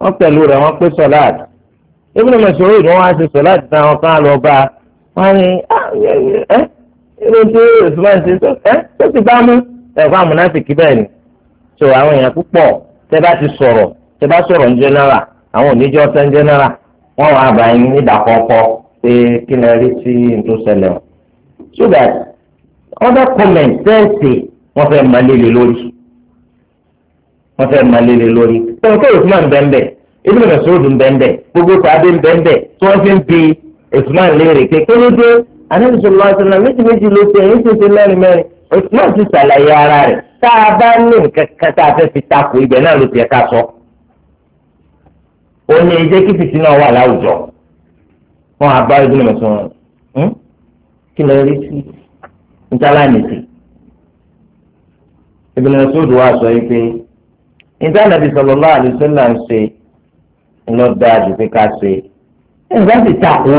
wọ́n pẹ̀lú rẹ̀ wọ́n pẹ́ sọ́lá Ibn Mas'ud wọ́n á ṣe sọ láti ta àwọn kan lọ bá wọ́n ní ẹ́ ah, eh? irun tí Usman ṣe sọ ẹ́ eh? tó ti bá mú ẹ̀fọ́ àmúnáfíkì bẹ́ẹ̀ ni. so àwọn èèyàn púpọ̀ tẹ́ bá ti sọ̀rọ̀ tẹ́ bá sọ̀rọ̀ ní general àwọn oníjọ́ tẹ́ ń general wọ́n wà bá yín ní ìdàkọ́kọ́ pé kí lè rí sí ètò ṣẹlẹ̀ o. so that other comment tẹ́ẹ̀sì wọ́n fẹ́ máa lélẹ̀ lórí wọ́n fẹ́ máa lélẹ̀ lórí. sọ̀rọ̀ kí Usman bẹ́ẹ̀ bẹ́ẹ̀ ibi nìkan sóòdù bẹ́ẹ̀ gbogbo sàbẹ̀ bẹ́ẹ̀ tí wọ́n fi ń bi Usman léèrè pé kérédé anábìsọ̀rọ̀ àtúnlá méjì méjì ló ṣe èyí ṣe ṣe mẹ́rin mẹ́rin Usman ti ṣàlàyé ara rẹ̀ tá a bá ní nǹkan kan tá a fẹ́ fi takò ibẹ̀ náà ló ti ẹ̀ka sọ. ó ní ẹjẹ́ kí fìtí náà wà láwùjọ wọn àbá ibi nìkan sọ̀rọ̀ hmm? kí lè rí sí ntàlá nìsí. ibi nìkan sóòdù wa sọ yìí pé ìtànàbìsọ̀rọ̀ lọ́wọ́ àdìsọ́lá ló dáa jù pé ká ṣe ẹ̀rọ ti tako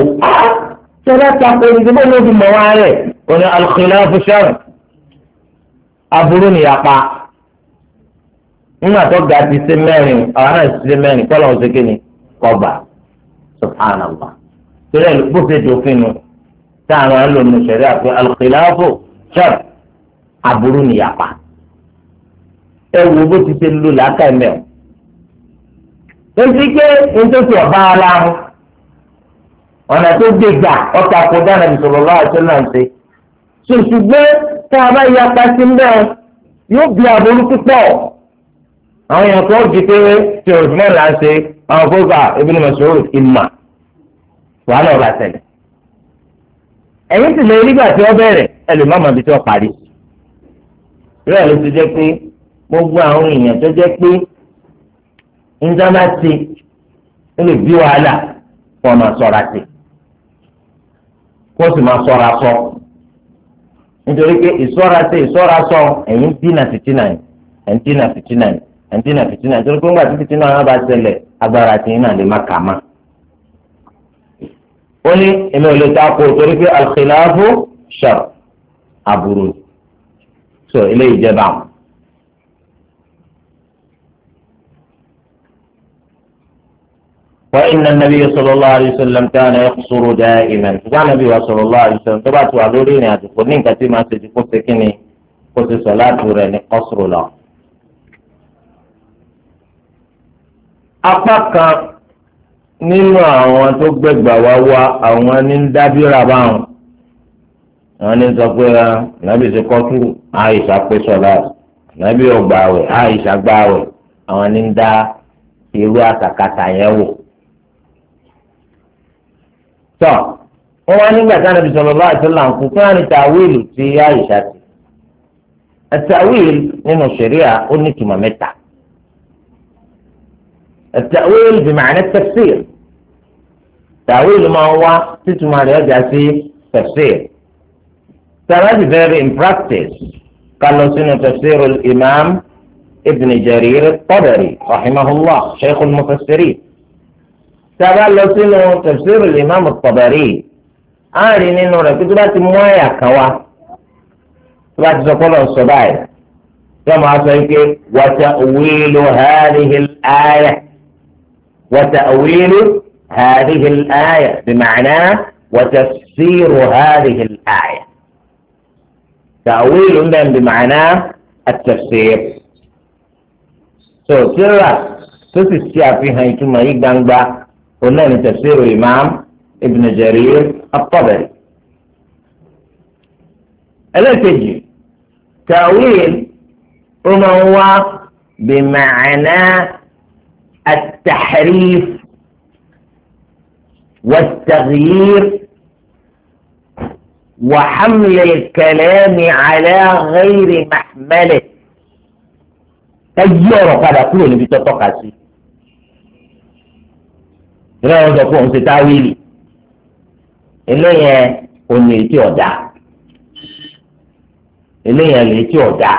ṣẹlẹ̀ tako ìdìbò ló fi mọ̀ wá rẹ̀ ó ní al-khilafu sharr aburú nìyapa nígbà tó ga ti ṣe mẹ́rin àwọn náà ti ṣe mẹ́rin kọ́ lọ́wọ́ ṣe kí ni kọba subhanallah torí ẹ̀ bó ṣe dòfin nu táwọn ẹlòmínú ṣẹlẹ̀ àti al-khilafu sharr aburú nìyapa ẹ wo bó ti ṣe lò lákàá èsì pé nítòsí ọba ara mu ọ̀nà tó gbé gbà ọ̀tà kò dáná bisalòlá àti náà ṣe ṣùṣùgbọ́n tá a bá ya pàṣẹ náà yóò bí aburú púpọ̀ àwọn èèyàn kan di pé tí Usman là ń ṣe àwọn fúnfà Ibn Mas'ud ìmà wàhálà ọ̀la tẹ̀lé ẹ̀yìn sì lè nígbà tí wọ́n bẹ̀rẹ̀ ẹ lè má mọ̀ ibi tí wọ́n parí rẹ̀ ló ti jẹ́ pé gbogbo àwọn èèyàn tó jẹ́ pé níta bá ṣe ó lè bí wàhálà kó máa sọ̀ra ṣe kó sì máa sọ̀ra sọ nítorí pé ìsọ̀ra ṣe ìsọ̀ra sọ ẹ̀yìn dínà fìtínà yìí ẹ̀yìn dínà fìtínà yìí ẹ̀yìn dínà fìtínà yìí torí pé ńgbà tí fìtínà wọn bá ṣẹlẹ̀ agbára ti yín náà lè má kà á má. ó ní èmi ò lè ta ko torí pé al-khilafu sharr aburú so eléyìí jẹ́ báwọn. وإن النبي صلى الله عليه وسلم كان يقصر دائما وقال النبي صلى الله عليه وسلم تبعت وعدولين أتقنين كتما سيكون سكني قلت صلاة رني قصر لا أفكا nínú àwọn tó gbẹgbà wá wá àwọn ní ń dábìrà báwọn àwọn ní sọ pé ah, nàbì ti kọ́tù àìsà pé sọlá nàbì ọgbà wẹ̀ àìsà gbà wẹ̀ àwọn ní ń dá irú àtàkàtà yẹn wò. tọ́ wọ́n wá nígbà tí anabi sallallahu alaihi wasallam kú kí wọ́n ní tàwíìlì tí àyíṣà ti àtàwíìlì nínú ṣẹ̀ríà ó ní tùmọ̀ mẹ́ta màá ní ni التأويل بمعنى التفسير تأويل ما هو تسمى رجع في تفسير ترى very in practice قالوا sínú تفسير imam ibn جرير الطبري رحمه الله شيخ tába lọ sínú tafsir al-Imam at-Tabari á rí nínú rẹ̀ pé bá ti mú àyà kan wá tó bá ti sọ pọ́lọ̀ sọ báyìí tó máa sọ yìí pé wa ta'wilu hadhihi aya wa òwìlú hadhihi al-aya bi màánà wa sírù hadhihi al-aya tà òwìlú bẹ̀ bi màánà at-tafsir tó tíra tó sì ti àfihàn ìtumọ̀ yìí gbangba. قلنا من تفسير الإمام ابن جرير الطبري ألا تجي تأويل هو بمعنى التحريف والتغيير وحمل الكلام على غير محمله تجيروا قد كل اللي بتتوقع فيه ìlú àwọn sọ pé òun ṣe táwíìlì eléyẹn òní ètí ọ̀dà eléyẹn lè ètí ọ̀dà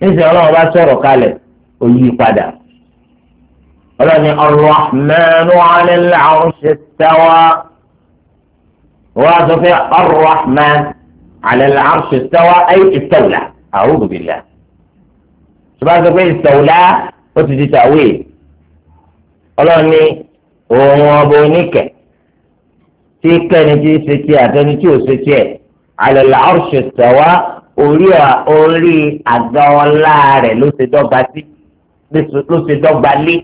níṣẹ́ ọlọ́run bá sọ̀rọ̀ kalẹ̀ òyì padà ọlọ́ni arrahmanu ala al-arshi istawa wọ́n á sọ pé arrahman ala al-arshi istawa ayé ìtawla a'udhu billah tó bá sọ pé ìtawla ó ti di tàwé ọlọ́ni òun ọba oníkẹ̀ tí kẹ́ni tí ṣe tí àtẹni tí ò ṣe tí ẹ̀ àlẹ́lẹ́ ọ̀ṣù sọ̀wá orí orí àga ọlá rẹ̀ ló ṣe dọ́gba sí ló ṣe dọ́gba lé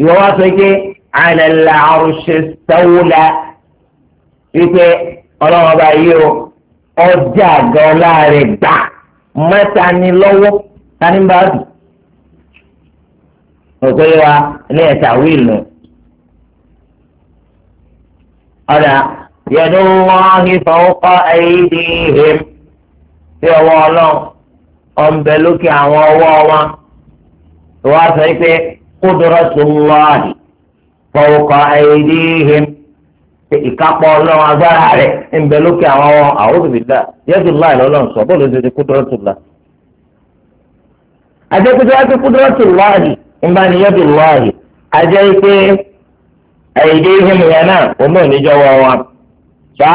ìwọ wá sọ pé àlẹ́lẹ́ ọ̀ṣù sọ̀wọ́lá wípé ọlọ́run ọba yìí o ọjà àga ọlá rẹ̀ gbà mẹ́ta ni lọ́wọ́ tani bá dùn. òkú yìí wá ilé ẹ̀ta wíìlù ọ̀dà yẹ̀dù wọ́n fọwọ́kọ́ ẹ̀yídì hìm sí ọwọ́ ọlọ́run ọ̀nbẹ lókè àwọn ọwọ́ wọn ìwà sọ pé kúdùrọ̀ tó ń lọ́ọ̀dì fọwọ́kọ́ ẹ̀yídì hìm ìkápọ̀ ọlọ́run agbára rẹ̀ lókè àwọn àwòrán láì sọ bọ́ọ̀lù ti di tó tó ìmániyẹ́ bí wáyé ajẹ́ pé àyèdè ìhìn yẹn náà òun náà níjọ́ wọ wọn. sá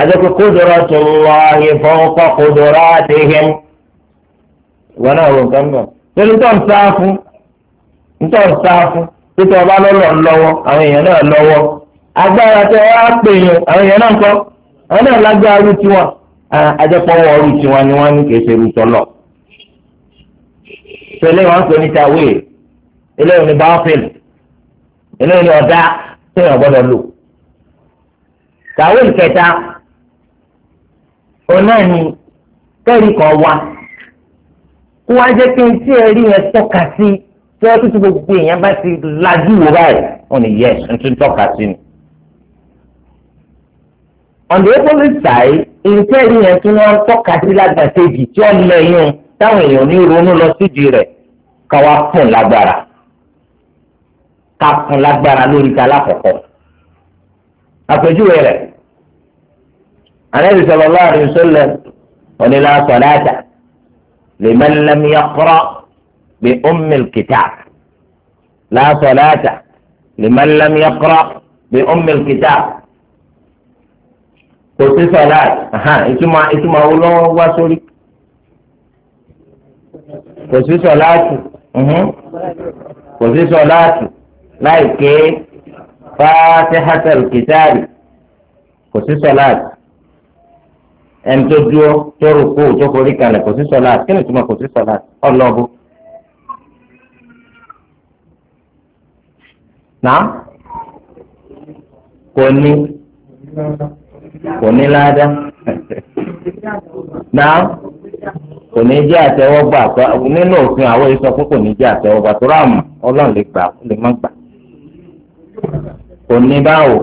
ajẹ́ pé kódòrò tó lọ ìfọ̀ kọ́ kódòrò àti ìhìn ìwọ náà wọ nǹkan mọ̀. torí tó ń sá fún tó ń sá fún títí ọba lọ́lọ́ lọ́wọ́ àwọn èèyàn náà lọ́wọ́ agbára tẹ wá pè àwọn èèyàn náà kọ́ àwọn náà lágbára rú tiwọn ajẹ́pọ̀wọ́ rú tiwọn ni wọ́n ní kèé ṣe rú tọ́lọ̀. tẹ̀lé wọn sọ níta wéè eléyìí ni báfíìlì eléyìí ni ọ̀dá tí èèyàn gbọ́dọ̀ lò. tàwé ìkẹta òun náà ni kẹ́rì kan wá kó wá jẹ́ kí n tí ẹ rí yẹn tọ́ka sí tí wọ́n tún ti gbogbo èèyàn bá ti lajú wò báyìí wọ́n ní yẹ n tún tọ́ka sí ni. on the opposite side ìtẹ́rì yẹn tí wọ́n tọ́ka sí lágbàtẹ́jì tí wọ́n lẹ́yìn táwọn èèyàn ní ronú lọ sídìí rẹ̀ káwá fún lágbára. kakun lágbára lórí ta lákọ̀ọ́kọ́ àpèjúwe rẹ̀ anabi sallallahu alaihi wasallam onílà sọláàtà liman lam yaqra bi ummil kitab la sọláàtà liman lam yaqra bi ummil kitab kò sí sọláàtà aha ituma ituma ló wá sórí kò sí sọláàtà kò sí sọláàtà. láì ké fatihatul kitabi kò sí sọláàtì ẹni tó dúró tó rúkú tó forí kalẹ̀ kò sí sọláàtì kí ni túmọ̀ kò sí sọláàtì ọlọ́ọ̀bù. náà kò ní kò ní ládá náà kò ní jẹ́ àtẹ́wọ́gbà nínú òfin àwọn ìsọkún kò ní jẹ́ àtẹ́wọ́gbà tó rà ọlọ́run lè gbà lè má gbà. òní báwo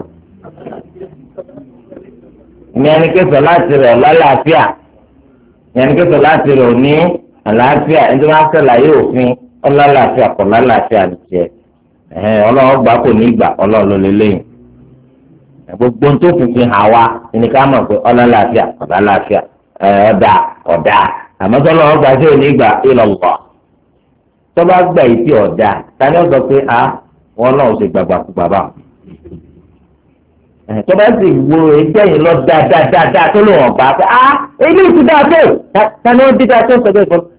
ìyẹn ni kẹsàn láti rẹ̀ ọ̀làlàáfíà ìyẹn ni kẹsàn láti rẹ̀ òní àlàáfíà ẹni tó máa ń òfin ọ̀làlàáfíà kọ̀ lálàáfíà nìjẹ́ ọlọ́run gbà kò ní gbà ọlọ́run ló gbogbo tó fìfin hà wá ní ká mọ̀ pé ọlọ́láàfíà ọ̀làláàfíà ọ̀dà ọ̀dà àmọ́ tó lọ́wọ́ gbà sí òní gbà ìlọ̀gbọ̀ tó bá gbà yìí sí ọ̀dà ta ó ah, wọn náà ṣe gbàgbàkú bàbá tó bá sì wo ẹgbẹ́yìn lọ dáadáa tó lò wọ́n bá pé ah èyí ti dáa tó tani ó dídá tó sọ bẹ́ẹ̀ fún mi.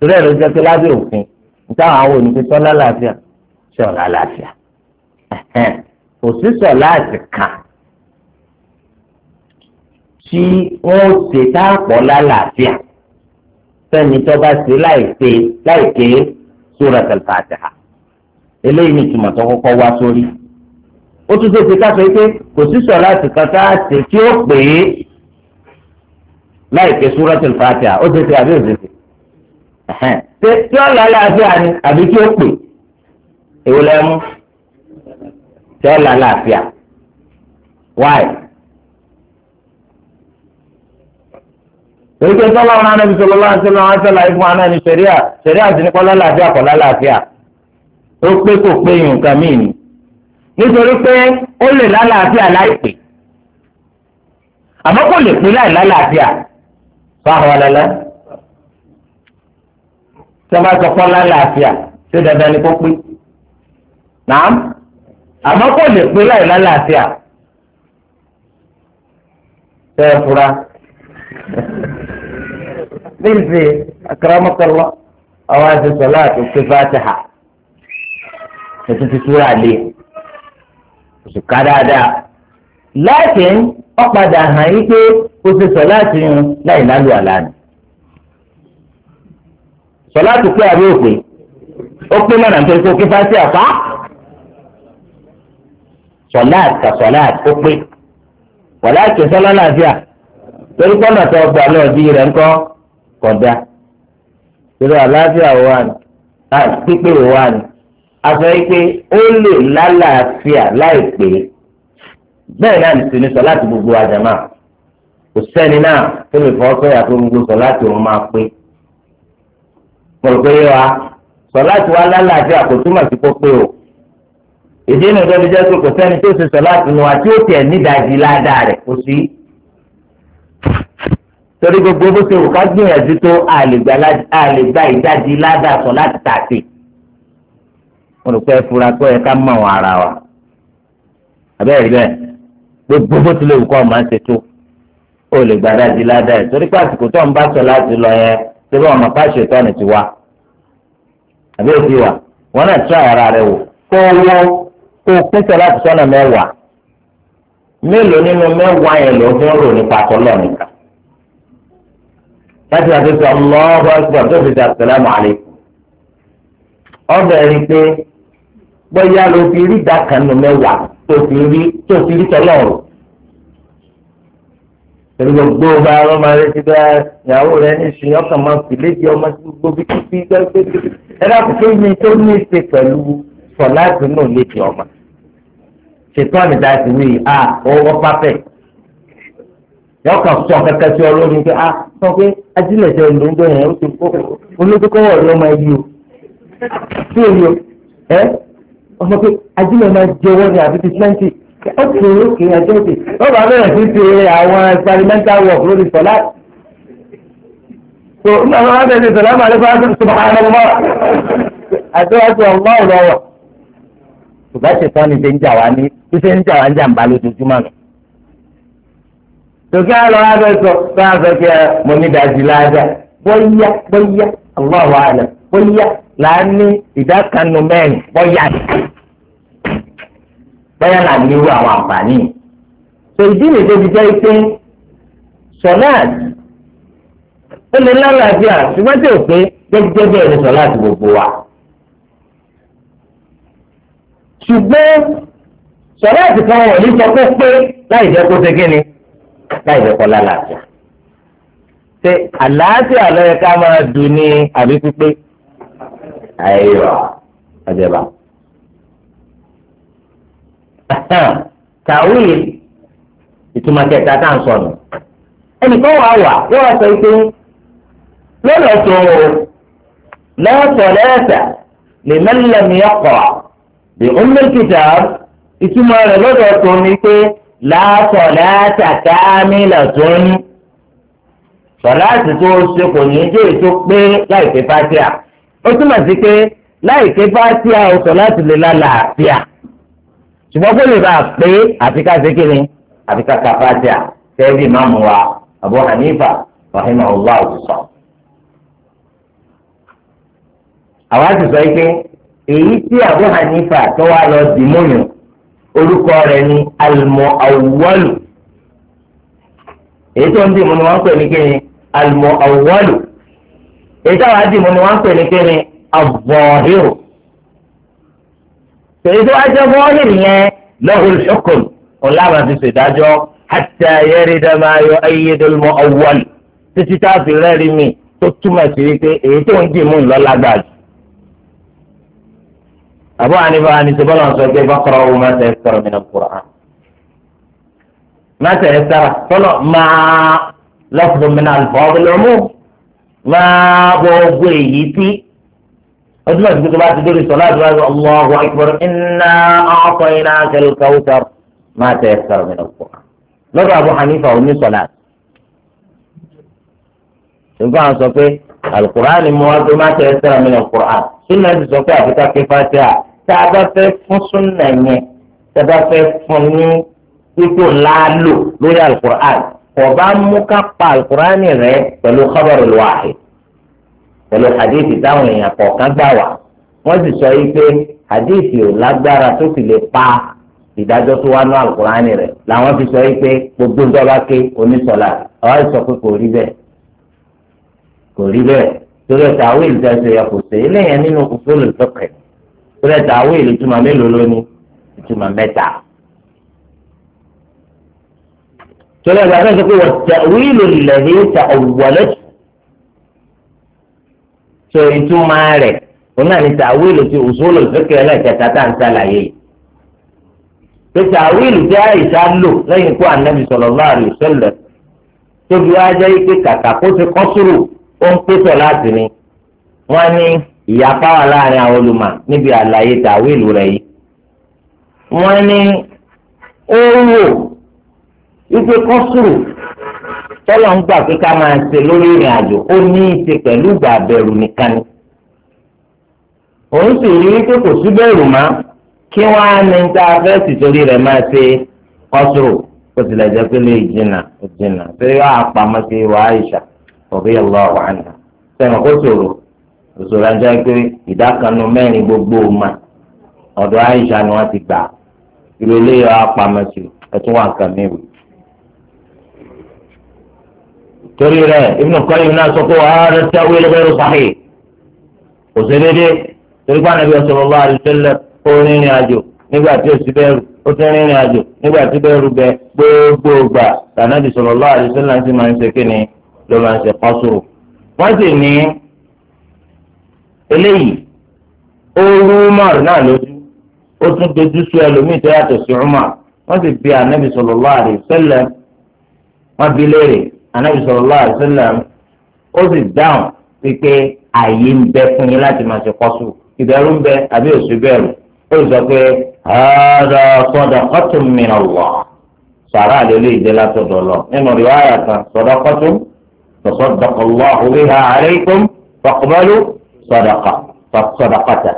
torí ẹ̀rọ jẹ́ pé lábẹ́ òfin nítawọn àwọn òní ti sọ lálàáfíà sọ lálàáfíà kò sí sọ láti kàn tí wọ́n ṣe táàpọ̀ lálàáfíà sẹ́ni tó bá ṣe láì ṣe láì ṣe suratul Fatiha eléyìí ni ìtumọ̀ tó kọ́kọ́ wá sórí ó tún ṣèṣe ká sọ pé kò sí sọ láti kan tá a ṣe tí ó pè é láì pé Suratul Fatiha ó ṣèṣe àbí òṣèṣe ṣe tí ó lálẹ́ àfíà ni àbí tí ó pè èwo lẹ́ mú tí ó lálẹ́ àfíà wáyé. èyí tó sọ́lá ọ̀nà ànábì sallallahu alaihi wasallam àti sọ́lá ìfún àná ni ṣẹ̀ríà ṣẹ̀ríà sì ní kọ́ lálẹ́ àfíà kọ́ lálẹ́ àfíà ó pé kò pé nǹkan míì ni nítorí pé ó lè lálàáfíà láìpè àmọ́ kò lè pé láì lálàáfíà fáwọn alálá tí wọ́n bá sọ fún lálàáfíà ṣé dandan ni kó pé nàám àmọ́ kò lè pé láì lálàáfíà tẹ́ ẹ fura níbi àkàràmọ́kànlá àwọn àti sọ̀lá àti ṣe fàtìhà ẹ̀sùn ti túra lé oṣù ká dáadáa láti ọ̀padà hàn yí pé o ti sọ láti yun láì lálù àlá ni sọ láti pé àbí òpè ó pé lọ́nà nítorí pé o kí fásitì àpá sọláàt ka sọláàt ó pé wàlá àkẹsọ́ lálàáfíà torí pọ́nà tó gbà lọ́ọ̀dí rẹ̀ ńkọ́ kọ̀dá torí àlàáfíà wà ní pípé wà ní àfẹ́ pé ó lè lálàáfíà láìpé bẹ́ẹ̀ náà sì ní sọ láti gbogbo àjàmà kò sẹ́ni náà tó lè fọ́ sọ́yà tó gbogbo sọ láti òun máa pé mo rò pé yé wa sọ láti wá lálàáfíà kò túmọ̀ sí kó pé o èdè inú ìjọba jẹ́ pé kò sẹ́ni tó ṣe sọ láti nu àti ó tiẹ̀ nídàájí ládàá rẹ̀ kò sí torí gbogbo bó ṣe wù ká gbìyànjú tó àlè gba ìdajì ládàá sọ láti tàtì. olùkọ́ ẹ fura pé mọ̀ wọn ara wa àbẹ́rẹ́ bẹ́ẹ̀ gbogbo bó tilẹ̀ wù kọ́ ṣe tó ó lè gbàdá di ládàá ẹ̀ torí pé lọ yẹn ṣé bí wọn mọ̀ ti wá àbẹ́rẹ́ ti wà wọn náà tún ara rẹ wò kó wọ́ kó pínṣẹ́ láti sọ́nà mẹ́wàá mélòó nínú mẹ́wàá yẹn ló rò nípa tọ́lọ̀ nìkan láti àti sọ tó fi dà bóyá ló fi rí ìdákanu mẹ́wàá tó fi rí tó fi rí tọ́lọ́rù. Èmi gbogbo ọba ọlọ́mọ rẹ ti bá ìyàwó rẹ ní ìṣìn ọkàn máa fi léde ọmọ tí gbogbo bí kíkí gbẹ́gbẹ́ bí. Ẹ dákun tó ní tó ní ṣe pẹ̀lú sọ̀láàtì náà léde ọmọ. Ṣètò àmì dáàtì mi yìí, a ọwọ́ pápẹ̀. Yọ̀ọ̀kan sọ kẹ́kẹ́ sí ọlọ́run pé a sọ pé ajílẹ̀ ṣe ló ń gbẹ̀yìn ó ti kó olódókòwò ọ̀rẹ́ ọmọ ẹbí o. Sí èyí o, ẹ́ ọmọ pé ajílẹ̀ máa jẹ́wọ́ ní àbí twenty ókè ókè àjọyọ̀tì wọ́n bá bẹ̀rẹ̀ sí ṣe àwọn experimental work lórí sọ̀lá. tó nígbà tó wọ́n bẹ̀rẹ̀ sọ̀lá máa lé fún aṣọ tó máa lọ́wọ́ àti wọ́n sọ ọ̀gbọ́n ọ̀lọ́wọ́. ṣùgbọ́n ṣètọ́ ni ṣe ń jà wá ní bí ṣe ń jà wá ń jàǹbá lójoojúmọ́ nù. tòkí àlọ́ abẹ́ sọ fún àfẹ́kẹ́ mọ̀ nídàájí láàdá bọ́yá bọ́yá àwọn àwọn àlẹ́ bóyá là á ní ìdákanu mẹ́rin bóyá bóyá là á ní irú àwọn àǹfààní. sọ ìdí nìyí tó fi jẹ́ pé sọ̀láàtì ó lè lálàáfíà ṣùgbọ́n tí ò pé gẹ́gẹ́ bẹ́ẹ̀ ni sọ̀láàtì gbogbo wa. ṣùgbọ́n sọ̀láàtì kan wọ̀ ní sọ pé pé láì jẹ́ kó ṣe ni láì jẹ́ kó lálàáfíà. ṣé àlàáfíà lọ́yẹ máa dùn ní àbí pípé aywa ajaba tawil ìtumọ̀ kẹta tá à ń sọnù ẹnìkan wà wà yóò wá sọ pé lọ́dọ̀ tó o lọ́sọ̀ lẹ́sẹ̀ lè mẹ́lẹ́mí ọkọ̀ lè ó mẹ́kìtà ìtumọ̀ rẹ̀ lọ́dọ̀ tó o ní pé láàtọ̀ láàtà kámílà sọ̀láàtì tó ṣe kò ní í dé ètò pé láì pé fásíà ó túmọ̀ sí pé láìké bá tí a ò sọ láti lè la làásìá ṣùgbọ́n kó lè bá a pé àfikà sékìrín àfikà kàfàtìá tẹ́ẹ̀bì máàmù wa Abu Hanifa rahimahullah ọ̀sùsọ̀. àwa ti sọ pé èyí tí Abu Hanifa tó wà lọ dì múyàn orúkọ rẹ̀ ni al-Mu'awwalu èyí tó ń dì mú ni wọ́n pè ní kí ni al èyí táwọn àdìmú ni wọ́n ń pè ní kíni àbọ̀hìrò èyí tó wáá jẹ́ bọ́ọ̀lì yẹn lọ́hùn ṣọ́kùn ọ̀làmà ti ṣèdájọ́ àti ayẹ́rìndàmà ayọ̀ ayédèlmọ́ ọ̀wọ́l títí tá a fi rẹ́rìí mi tó túmọ̀ sí wípé èyí tó ń dìmú ńlọ́lágbàjù. Abu Hanifa ni bọ́lá sọ pé bákọ́rọ̀ wo máa tẹ̀ sọ̀rọ̀ mi náà kúrọ̀ máa tẹ̀ sọ̀rọ̀ tọ́lọ̀ máa lọ́fọ̀ọ́ mi náà lọ́fọ̀ọ́ máa bọ ogun èyí tí ọdún náà tuntun bá ti dé sọ láti wá sọ Allahu akbar inna a'tainaka al-kawthar ma tayassara min al-Qur'an lọ́dọ̀ Abu Hanifa òní sọ̀lá ṣùgbọ́n àwọn sọ pé al-Qur'an ni mo wá pé ma tayassara min al-Qur'an sunna ti sọ pé àfikà pé fàtíà tá a bá fẹ́ fún sunna yẹn tá a bá fẹ́ fún ní pípò ńlá lò lórí al-Qur'an kò bá mú ká pa alukurani rẹ pẹ̀lú khabarul wahid pẹ̀lú hadithi táwọn èèyàn kọ̀ọ̀kan gbà wá wọ́n sì sọ yìí pé hadithi ò lágbára tó sì lè pa ìdájọ́ tó wá ní alukurani rẹ làwọn fi sọ yìí pé gbogbo ńdọ́lá ké onísọ̀lá àwọn sọ pé kò rí bẹ́ẹ̀ kò rí bẹ́ẹ̀ torí ẹ̀ta àwọn èlùtà ṣe yẹ kò sí eléyàn nínú usulul fiqh torí ẹ̀ta àwọn èlùtùmọ̀ mélòó lónìí ìtumọ̀ mẹ́ta. torí ẹgbẹ́ abẹ́ sọ pé wọ́n tẹ wíìlù lẹ́yìn tẹ ọ̀wọ́lẹ́ tó ìtumọ̀ rẹ̀ òun náà ní tẹ wíìlù ti òṣòlò fẹ́kẹ̀ ẹlẹ́kẹta tá à ń sàlàyé pé tẹ wíìlù tí àìsà lò lẹ́yìn kó ànábì sallallahu alaihi wasallam tóbi wá jẹ́ pé kàkà kó ti kọ́ sùrù ó ń pèsè láti ni wọ́n ní ìyapa wà láàrin àwọn olùmọ̀ níbi àlàyé tẹ wíìlù rẹ̀ yìí wọ́n ní ó wò ike kọ́sùrù tọ́lọ̀ ń gbà pé ká máa ṣe lórí ìrìn àjò ó ní í ṣe pẹ̀lú ìgbà bẹ̀rù nìkan ni. òun sì rí pé kò sí bẹ̀rù mọ́ kí wọ́n á ní ta fẹ́ẹ̀sì torí rẹ̀ máa ṣe kọ́sùrù kó tilẹ̀ jẹ́ pé lè jìnnà jìnnà pé yóò àpamọ́ sí ìwà gbogbo ma ọ̀dọ̀ àìsà ni wọ́n ti gbà sí ẹ̀tún wà torí rẹ̀ Ibn Qayyim náà sọ pé wàá rẹ tẹ́wé lọ́wọ́ sahih kò sí déédéé torí pé Ànábì sallallahu alaihi wasallam ó rìnrìn àjò nígbà tí o sì bẹ̀rù ó tún rìnrìn àjò nígbà tí gbogbo alaihi máa ń ṣe kíni ló máa ń ṣe wọ́n sì ní eléyìí ó Umar náà lójú alaihi wọ́n anabi sallallahu alaihi wasallam ó sì dáhùn pípé ààyè ń bẹ fún yín láti máa ṣe kọ́sù ìbẹ̀rù ń bẹ àbí òsì bẹ̀rù ó sọ pé hādhā ṣadaqatun min Allāh sàrà àlélẹ́ ìdè látọ̀dọ̀ lọ nínú riwāyà kan ṣadaqatun taṣaddaqa Allāhu bihā 'alaykum faqbalū sadaqa sadaqata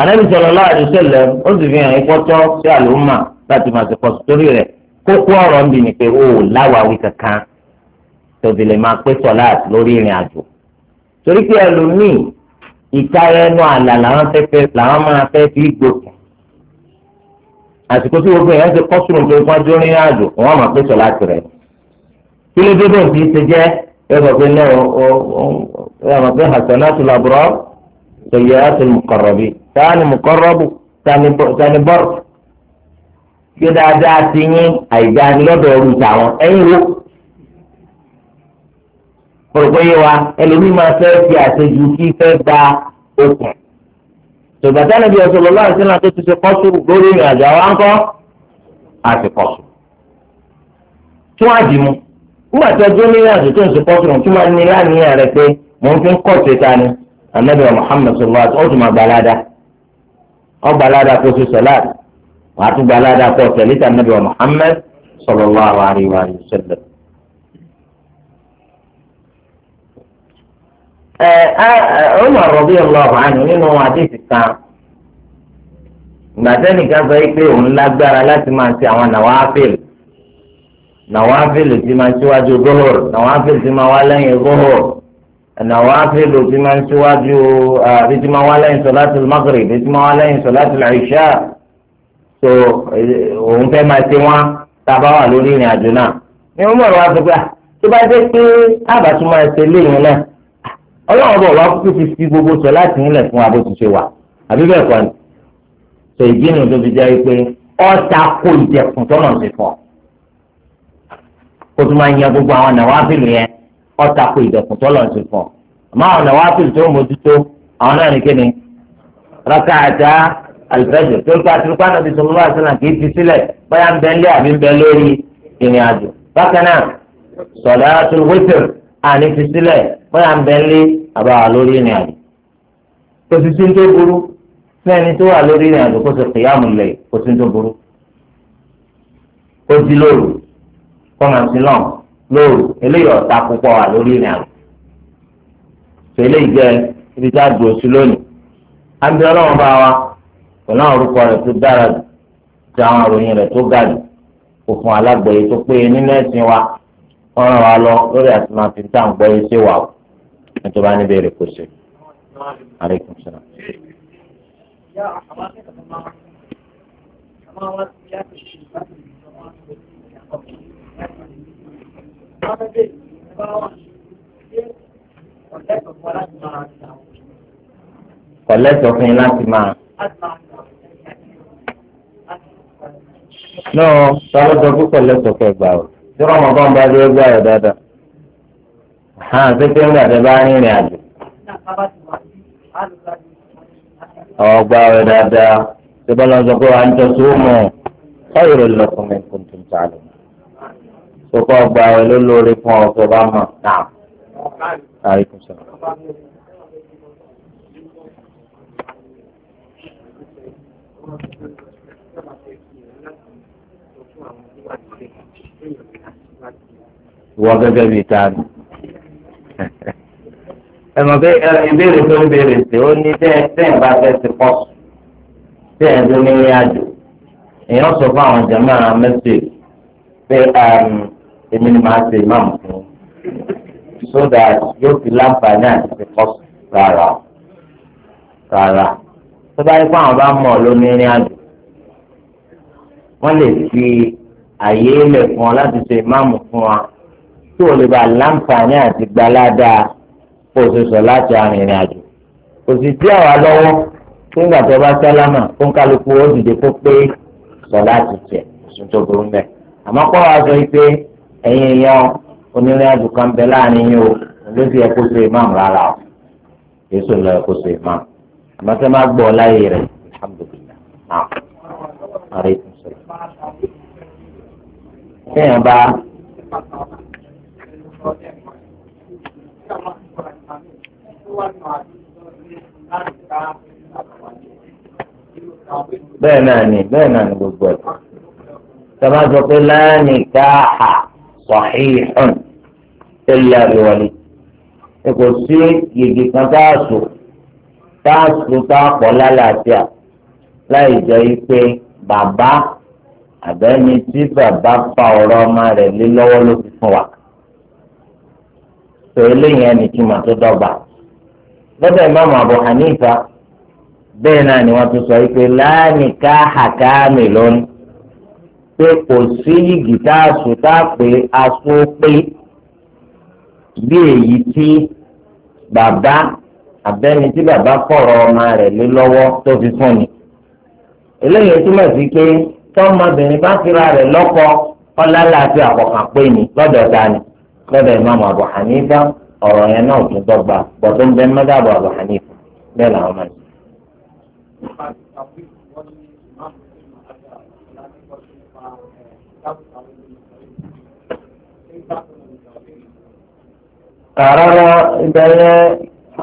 anabi sallallahu alaihi wasallam ó sì fi hàn ikọ́tọ́ sí àlùmọ́ láti máa ṣe kọ́sù torí rẹ̀ kókó ọ̀rọ̀ ń bì ní pé o ò láwàwí kankan tòbí lè máa pé sọ̀lá lórí ìrìn àjò torí pé ẹlòmíì ìtara ẹnu àlà làwọn fẹ́fẹ́ làwọn máa fẹ́ fi gbòkùn àsìkò tí gbogbo èèyàn ti kọ́ sùn tó ń pọ́njú rìn àjò wọ́n máa pé sọ̀lá tirẹ̀ kí ló dé bóun ti ṣe jẹ́ ẹ pé náà ọ ẹ mọ̀ pé hasanatul abrar sayyiatul muqarrabin tani muqarrabu tani bọ́ọ̀tù kí dáadáa ti yín àìdá ni lọ́dọ̀ ọ̀rù tàwọn ẹ̀yìn wo. pọ̀lọ́pọ̀ yé wa ẹlòmíì máa fẹ́ fi àṣejù kí fẹ́ gba okùn. tòbátà níbi ọ̀sọ̀ lọ́lá àti sílẹ̀ tó ti ṣe kọ́sù lórí ìrìn àjò àwọn akọ́ àti kọ́sù. tún àdìmú nígbà tí ọjọ́ ní ìrìn àjò tó ń ṣe kọ́sù rùn tún máa ní láàníyàn rẹ pé mò ń fi ń kọ́ ṣe ta ni anabi muhammed sallallahu alaihi ọ̀tún máa gbalada ọ̀ gbalada ṣe sọ̀láàdì wàá tún gba aládàá pọ̀ tẹ̀lé tà nàbẹ̀ wa Muhammad sallallahu alaihi wa sallam. Umar radiyallahu anhu nínú àdéhìí kan gbàtẹ́nì kan sọ pé òun lágbára láti máa ṣe àwọn nàwáfíìlì nàwáfíìlì tí máa ṣíwájú gbóhùr nàwáfíìlì tí máa wá lẹ́yìn gbóhùr nàwáfíìlì tí máa ṣíwájú àti tí máa wá lẹ́yìn sọ̀láàtì maghrib àti tí máa wá lẹ́yìn sọ̀láàtì ìṣá so òun fẹ́ máa ṣe wọ́n tá a bá wà lórí ìrìn àjò náà ni wọ́n mọ̀rọ̀ wá sọ pé ah, tó bá dé pé àbàtún máa ṣe léyìn náà ọlọ́run bọ̀ wá kúkú ti fi gbogbo sọ láti nílẹ̀ fún wa bó ti ṣe wà àbí bẹ́ẹ̀ kọ́ ni so ìdí nu tó fi jẹ́ pé ọ̀tá kó ìjẹkùn tọ́nà sí fọ́ kó tó máa yan gbogbo àwọn nàwáfìlì yẹn ọ̀tá kó ìjẹkùn tọ́nà sí fọ́ àmọ́ àwọn nàwáfìlì tó mójútó àwọn náà ní kíni rákàtà alifẹjọ tó ń pa àtúrúkọ àná bíi sọlọ àti náà kì í fi sílẹ̀ báyà ń bẹ ń lé àbí ń bẹ lórí ìrìn àjò bákan náà sọlá tó wítìrì àní fi sílẹ̀ báyà ń bẹ ń lé àbáwá lórí ìrìn àjò kò sì sí tó burú fẹ́ni tó wà lórí ìrìn àjò kó sì kìyàmù lẹ̀ kò sí tó burú ó di lóru kọ́mọ̀sí náà lóru eléyìí ọ̀tá púpọ̀ wà lórí ìrìn àjò tẹ́lẹ̀ jẹ́ ibi tá a dùn sí lónìí pẹ̀lú àwọn orúkọ rẹ̀ tó dára jù tí àwọn àròyìn rẹ̀ tó ga jù kò fún alágbẹ̀yẹ tó péye nínú ẹ̀sìn wa wọ́n ràn wá lọ lórí àti máa fi tá gbọ́ yé sí wa o ẹni bá ní bèrè kò sí. kọ̀lẹ́tọ̀ fún yín láti máa. náà sálọ́dọ̀ púpọ̀ lẹ́sọ̀kọ̀ ẹ̀gbà o tí wọ́n mọ̀ bá ń bá dé ẹgbẹ́ ayọ̀ dáadáa. hàn pépé ńgbà tẹ bá rìnrìn àjò. ọgbà ayọ̀ dáadáa tí bọ́lá ń sọ pé wàá ń tọ́ sí òmò ọ̀yọ̀rọ̀ lọ́kùnrin kò tà lọ. sọ́kọ́ ọgbà ayọ̀ ló lóore fún ọ bá mọ̀ náà. Thank you. wọ́n gẹ́gẹ́ bíi tani ẹ̀mọ̀ pé ìbéèrè tó ń béèrè sí ó ní tẹ́ẹ̀ bá fẹ́ ti pọ̀ tẹ́ẹ̀ tó ní ìrìn àjò èèyàn sọ fún àwọn jẹ̀mọ́ àwọn mẹ́sẹ̀gì pé um, èmi ni màá ṣe ìmáàmù fún un so that yóò fi láǹfààní àti ti pọ̀ rárá rárá tó bá yẹ kó àwọn bá mọ̀ ló ní ìrìn àjò wọ́n lè fi àyè lẹ̀ fún ọ láti ṣe ìmáàmù fún wa tí o lè bá láǹfààní àti gbalada kó o ṣe sọ láti arìnrìn àjò kò sì tí àwa lọ́wọ́ fún ìgbà tó bá sálámà fún kálukú ó dìde kó pé sọ láti jẹ oṣù tó burú mẹ àmọ́ kọ́ wa sọ pé ẹ̀yin èèyàn onírìn àjò kan bẹ láàrin yín o ló fi ẹ̀kọ́ ṣe ìmáàmù rárá o èso lọ ẹ̀kọ́ ṣe ìmáàmù àmọ́ tẹ́ máa gbọ́ ọ láyé rẹ̀ alhamdulilayi téèyàn bá. bẹ́ẹ̀ náà ni bẹ́ẹ̀ náà ni gbogbo ẹ̀ sábà sọ pé láàánì káàhà sọ̀híhùn tẹ́lẹ̀ àríwọlé kò sí yèyè kan táàsù táàsù táàpọ̀ lálàáfíà láì jẹ́ pé bàbá àbẹ́ni tí bàbá pa ọ̀rọ̀ ọmọ rẹ̀ lé lọ́wọ́ ló fi fún wa tó eléyìí ẹni tí mà tó dọ́gba lọ́dọ̀ ìmáàmù Abu Hanifa bẹ́ẹ̀ náà ni wọ́n ti sọ pé láàníkà àkáàmì lónìí pé kò sí yìgì tá a sùn tá a pè aṣọ pé bí èyí tí bàbá àbẹ́ni tí bàbá fọ̀rọ̀ ọmọ rẹ̀ lé lọ́wọ́ tó fi fún ni eléyìí túmọ̀ sí pé tọ́mọbìnrin bá fira rẹ̀ lọ́kọ ọlálà àti àkọ́kàn pé ni lọ́dọ̀ dání lọ́dọ̀ ìmáàmù Abu Hanifa ọ̀rọ̀ yẹn náà tún dọ́gba bọ̀dọ̀ ń bẹ mẹ́dàbọ̀ Abu Hanifa bẹ́ẹ̀ làwọn máa ń sọ. rárá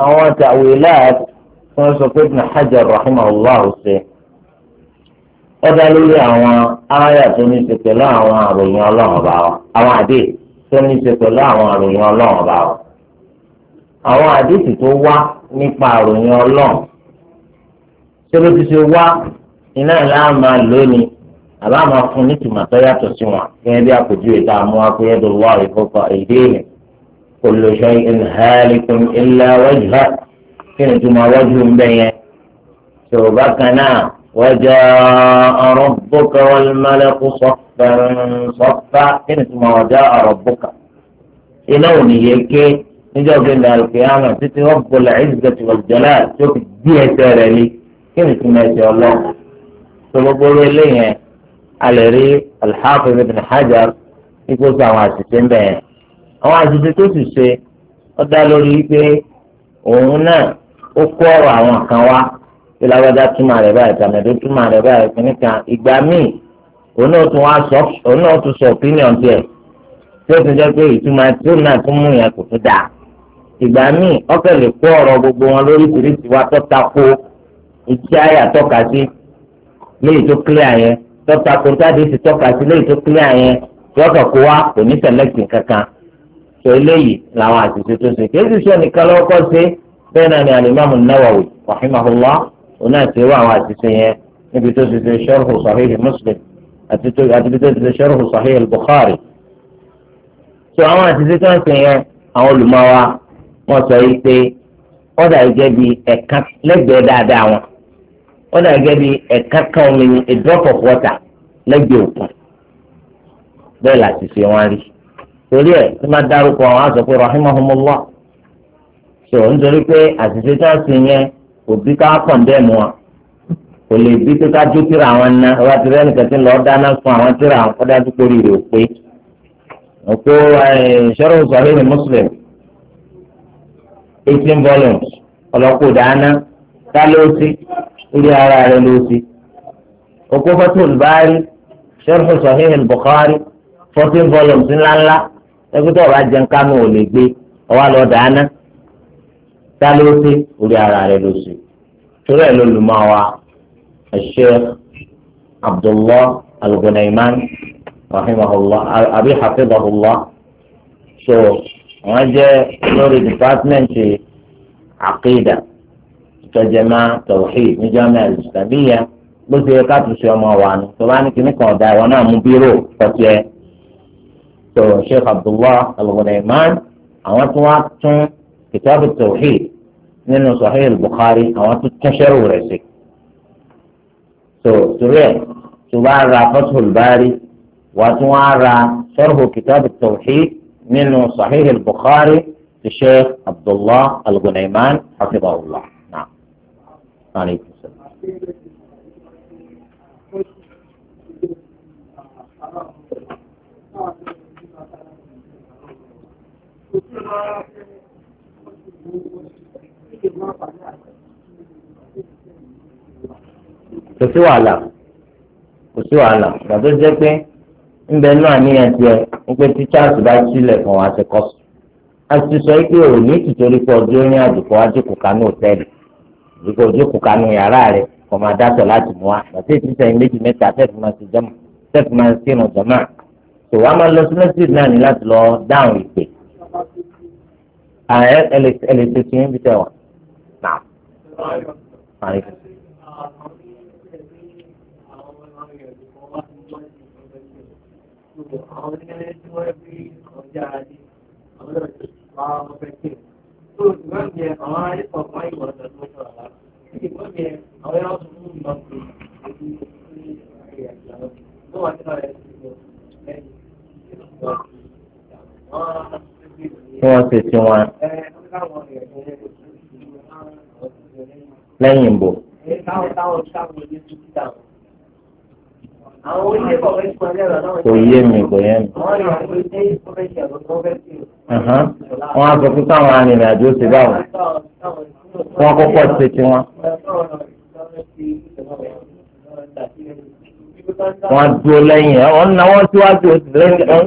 àwọn tàwílà tí wọ́n sọ pé ibn Hajar rahimahullah ṣe ó dá lórí àwọn aráyà tó ní ṣe pẹ̀lú àwọn àròyìn ọlọ́run ọba wa àwọn àdé tó ní ṣe pẹ̀lú àwọn àròyìn ọlọ́run ọba wa. àwọn àdéhùn tó wá nípa àròyìn ọlọ́run ṣé ló ti ṣe wá iná ìlà máa lónìí àbá máa fún nítumọ̀ tó yàtọ̀ sí wọn gẹ́gẹ́ bí àpèjú ìta mú wa pé ẹ̀dùn wà èdè rẹ̀ kò lè ṣe ìhàlìkùn ilẹ̀ wájú rẹ̀ kí ni wájú ń bẹ̀ ṣòro وجاء ربك والملك صفا صفا ثم وجاء ربك إلوني يكي نجاو عند القيامة تتي رب العزة والجلال شوف دي أسأل لي كيف ما شاء الله فبقول لي على ري الحافظ ابن حجر يقول سوا عشتين بيه أو عشتين تسوسي ọdá lórí pé òun náà ó kó ọ̀rọ̀ ìlàwọ́dá túmọ̀ rẹ̀ báyìí tàmẹ̀dó túmọ̀ rẹ̀ báyìí kìnnìkan ìgbà míì òun náà tún sọ opinion tiẹ̀ tí ó ti jẹ́ pé ìtumọ̀ tí ó náà tún mú yẹn kò tún dáa ìgbà míì ọkẹ́ lè kó ọ̀rọ̀ gbogbo wọn lóríṣiríṣi wa tó tako iṣẹ́ àyà tọ́ka sí léyìí tó clear yẹn tó tako jáde sí tọ́ka sí léyìí tó clear yẹn tí wọ́n kàn kó wa kò ní selection kankan tó eléyìí làwọn àṣìṣe tó ṣe kí èsì sọ nìkan lọ́kọ́ sí bẹ́ẹ̀ náà ni Al-Imam An-Nawawi rahimahullah òun náà ti rú àwọn àtìsẹ yẹn níbi tó ti ṣe ṣọ́rùhù sahih muslim àti níbi tó ti ṣe ṣọ́rùhù sahih bukhari. tó àwọn àtìsẹ tó ń sè yẹn àwọn olùmọ̀wá wọn sọ yìí pé ọ̀dà ìjẹ́ bí ẹ̀ka lẹ́gbẹ̀ẹ́ dáadáa wọn ọ̀dà ìjẹ́ bí ẹ̀ka kan omi ni a drop of water lẹ́gbẹ̀ẹ́ òkun bẹ́ẹ̀ láti ṣe wọn rí torí ẹ̀ tí máa dárúkọ àwọn àṣọ rahimahumullah so nítorí pé àṣìṣe tó ń sè yẹn kò bí ká kọ̀ndẹ́nu wọn kò lè bí pé ká jó tíra àwọn ná ọba tí rẹ́ nìkan ti lọ dáná fún àwọn tíra àwọn kọ́dá tó kórè rè ó pé òkú ṣọ́rọ̀ sọ̀rọ̀ ní Muslim eighteen volumes ọlọ́kù dáná ká ló sí ilé ara rẹ̀ ló sí òkú Fathul Bari ṣọ́rọ̀ sọ̀rọ̀ ní Bukhari fourteen volumes ńláńlá ẹgbẹ́ tó ọba jẹun kánú ò lè gbé ọwọ́ lọ dáná dá ló ṣe orí ara rẹ̀ ló ṣe torí ẹ̀ lólùmọ́ wa Sheikh Abdullah Al-Gunayman rahimahullah abi hafizahullah so wọ́n jẹ́ lórí dìpátímẹ́ǹtì àkídà ìtọ́jẹ́má tawhid ní jami'a al-islamiyya bó ṣe yẹ ká tún ṣe ọmọ wa ni tó bá ní kíní kan ọ̀dà ìwọ náà mú bírò pọ̀tì so Sheikh Abdullah Al-Gunayman àwọn tí wọ́n tún. كتاب التوحيد من صحيح البخاري أو تتشر ورسك سو سوريا سوارا فتح الباري وتوارا شرح كتاب التوحيد من صحيح البخاري للشيخ عبد الله الغنيمان حفظه الله نعم عليكم السلام Thank you. kò sí wàhálà kò sí wàhálà gbàdó jẹ́ pé ńbẹ náà níyẹn tiẹ̀ ń pé tí charles bá sílẹ̀ fún wa ṣe kọ́ sùn a ti sọ pé òní tìtorí pé ọjọ́ ní àdùkọ́ ajókòó kanú òtẹ́ẹ̀lì ìdíkọ̀ ojókòó kanú yàrá rẹ̀ kò máa dátọ̀ láti mú wa àti ètí sẹ́yìn méjì mẹ́ta tẹ́ẹ̀fì máa ṣe jẹ́mọ̀ tẹ́ẹ̀fì máa ṣe kírun jọ̀mọ́ àtòwá máa lọ sí mẹ́sìlì náà ní láti lọ dáhùn ìpè ààrẹ ẹlẹsẹ kì í bí tẹwà wà lára ìwọ́n tí wọ́n ṣe sí wọn lẹ́yìn ìbò. kò yé mi kò yé mi. wọ́n á sọ pé káwọn arìnrìn-àjò ṣe báwọn wọ́n kọ́kọ́ ṣe tiwọn wọ́n dúró lẹ́yìn ẹ̀ wọ́n náwó síwájú lẹ́yìn ẹ̀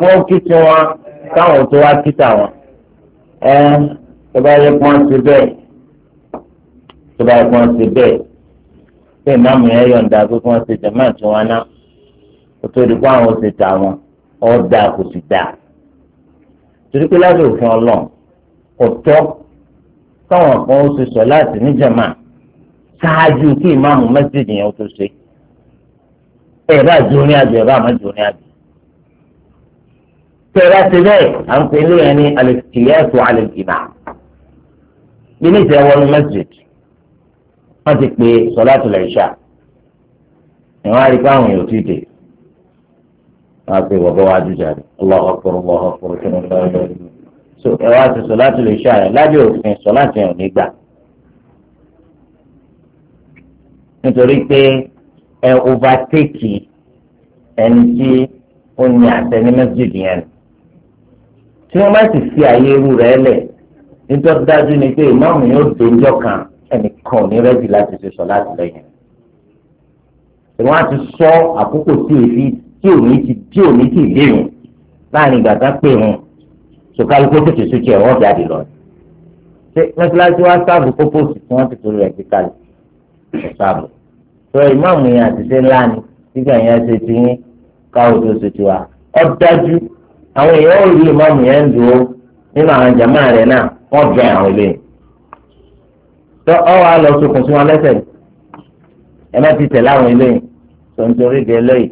kó kí tí wọn káwọn tó wá kí tàwọn ẹ tó bá yẹ kó wọn ti bẹ́ẹ̀ tó bá yẹ kó wọn ti bẹ́ẹ̀ pé ìmáàmù yẹn yọ̀ǹda pé kí wọ́n ti jẹ̀ máa tún wọn ná kó tó di kó àwọn ti tà wọn ọ̀ dà kò sì dà torí pé láti òfin ọlọ́run kò tọ́ káwọn kan ó ṣe sọ láti níjàmá ṣáájú kí ìmáàmù mẹ́sìlì yẹn ó tó ṣe ẹ bá ju orin àjò ẹ bá má ju orin àjò. tẹ ẹ bá ti bẹ́ẹ̀ à ń pè lóyún ẹni alẹ́kìyẹ́sọ alẹ́kìmá ilé ìtẹ́ wọnú masjid wọ́n ti pè sọ́láàtù lẹ́ṣà ìwọ́n á rí pé àwọn èèyàn ti dé wọ́n á pè wọ́n bọ́ wá jújà rẹ̀ Allahu akbar Allahu akbar kí ni wọ́n lọ rí so ẹ wá ti sọ́láàtù lẹ́ṣà rẹ̀ lábẹ́ òfin sọ́láàtù yẹn ò ní gbà nítorí pé ẹ overtake ẹni tí ó ní àṣẹ ní masjid yẹn tí wọ́n bá sì fi àyè irú rẹ̀ lẹ̀ nítorí dájú ni pé ìmáàmù yóò dé ọjọ́ kan ẹnìkan ò ní rẹ́jì láti ṣe sọ láti lẹ́yìn ìwọ́n á ti sọ àkókò tí èfi tí òní ti tí òní ti léèrè láàrin ìgbà tá pé wọn sọkálukó tètè sókè ẹ̀wọ́n jáde lọ. ṣé mẹ́tíláṣí wá sáàbù kókó sí tí wọ́n ti torí rẹ̀ gbé kalẹ̀ sáàbù. sọ ìmáàmù yẹn àtìsẹ́ ńlá ni sígbà yẹn ṣe ti yín káwọn tó ṣe ti wá ọ dájú àwọn èèyàn ò rí ìmáàmù yẹn ń dúró nínú àwọn jàmá rẹ náà wọ́n bẹ àwọn ilé ọ wà lọ sókun sí wọn lẹ́sẹ̀ ẹ má ti tẹ̀lé àwọn ilé tó ń torí di eléyìí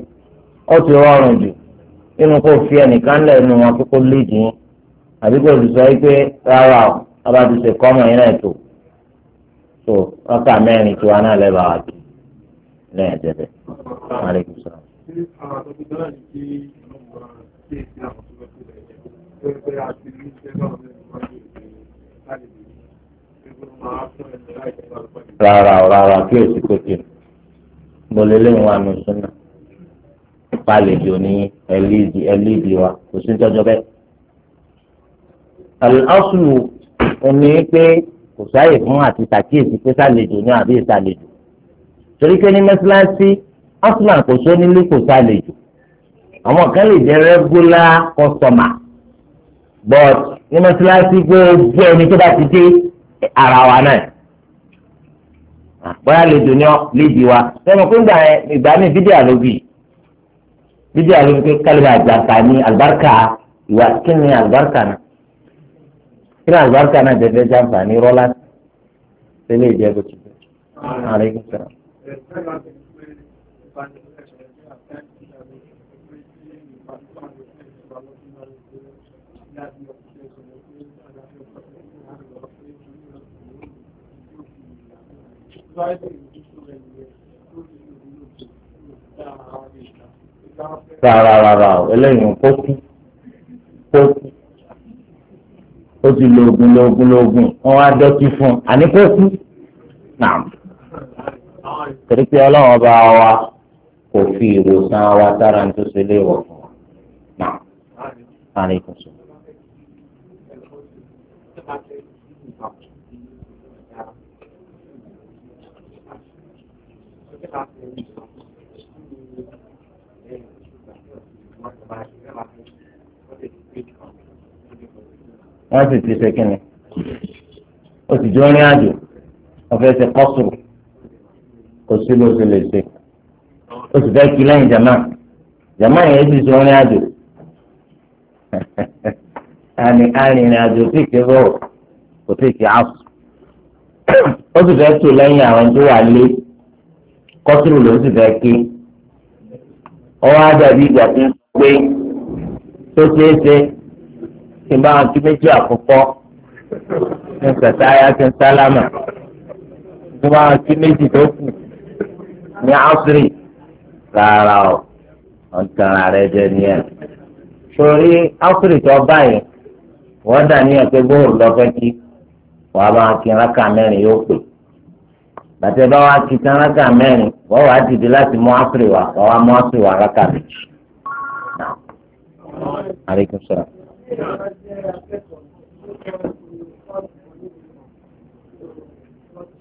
ó ti rọrùn jù nínú kó fi lẹ́yìn àjẹbẹ. rárá o rárá kí èsì tó kí mo lè léwọn àmì súnà pàlejò ní ẹlídì ẹlídì wa kò sí tọjọ bẹ́ẹ̀. àlùfáàsù ò ní pé kò sáyè fún àti ṣàkíyèsí pé sàlejò ní àbí ìsàlejò torí pé ní mẹ́sàlásí aslan kò só nílé kò sálejò àwọn kan lè jẹ́ regular customer but ní mẹ́sàlásí gbogbo ẹni tó bá ti dé ara wa náà bóyá lè dùn ní ọ lébi wa sẹ́nu pé ńgbà ìgbà mi fídíò àlóbì fídíò àlóbì pé kálíbà àgbàkà ní àlùbáríkà ìwà kí ni àlùbáríkà náà kí ni àlùbáríkà náà jẹ́ fẹ́ jàǹfà ní rọ́lá tẹ́lẹ̀ ìjẹ́ bó ti bẹ̀rẹ̀. Rárá rárá o, eléyìí kó kú, kó kú, ó ti lo oògùn lo oògùn lo oògùn, wọ́n wá dọ́kí fún un, àní kó kú, nàá torí pé ọlọ́run bá wa kò fi ìwòsàn wa sára ní tó ṣe lé wọ̀ fún wa. Náà, àárín ìkọ̀sọ̀. wọ́n sì ti ṣe kínni ó sì jọ rìn àjò ọ̀fẹ́ ṣe kọ́sùrù kò sí ló ti lè ṣe o sì fẹ́ kí lẹ́yìn jama jama yẹn ti sọ orin àjò arìnrìn àjò tí kì í bọ̀ kò tí kì í àpò ó sì fẹ́ tó lẹ́yìn àwọn tó wà lé kọ́sìrì ló sì fẹ́ kí ọwọ́ àdàbí ìgbà tó ń pé tó ṣeé ṣe kí n bá wọn kí méjì àkọ́kọ́ ní sàtáyà tí ń sálámà tó bá wọn kí méjì tó kù ní asiri rárá o wọn tẹ̀ra rẹ jẹ nìyẹn sori asiri tó báyìí wọ́n dà níyàn pé bóòrù lọ́fẹ́ kí wàá bá kí rákà mẹ́rin yóò pè bàtẹ́ bá wàá kí tán rákà mẹ́rin wàá dìde láti mú asiri wá wọ́n wá mú asiri wá rákà méjì.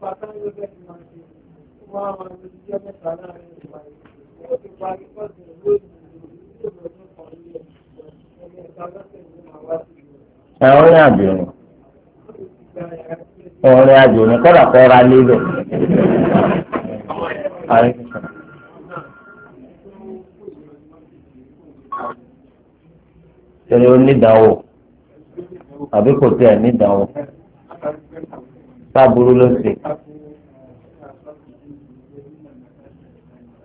Thank you ọjọ́ mẹ́ta láàrin ìwà ìgbà ó ti parí pọ́sìn lónìí ìlú ọdún kan ilé ẹni ẹ̀ka lọ́sẹ̀ ní kọ́dà kọ́ ra lélẹ̀. Tẹ̀lé onídàáwò àbí kò tẹ̀ nídàáwò. Sábúrú ló ṣe.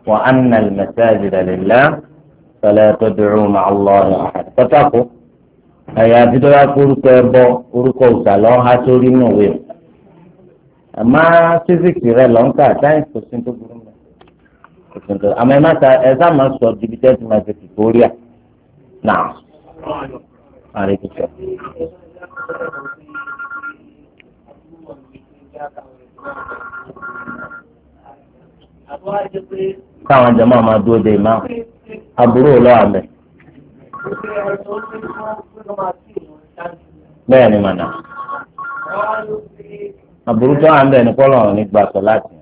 وأن المساجد لله فلا تدعوا مع الله أحد فتقوا أي أفضل أقولك أبو أقولك أسألوها توري نويم أما فيزيكي غير لونكا تاين كسين تقولون كسين أما ما إذا ما سوى جبتات ما تقوليا نعم عليك السلام Thank you káwọn jẹ máa máa dúró de ìmáà aburú lọ àmì. bẹ́ẹ̀ ni màdà aburú tó à ń bẹ̀ ní kọ́lọ̀ ní gbàtọ̀ láti.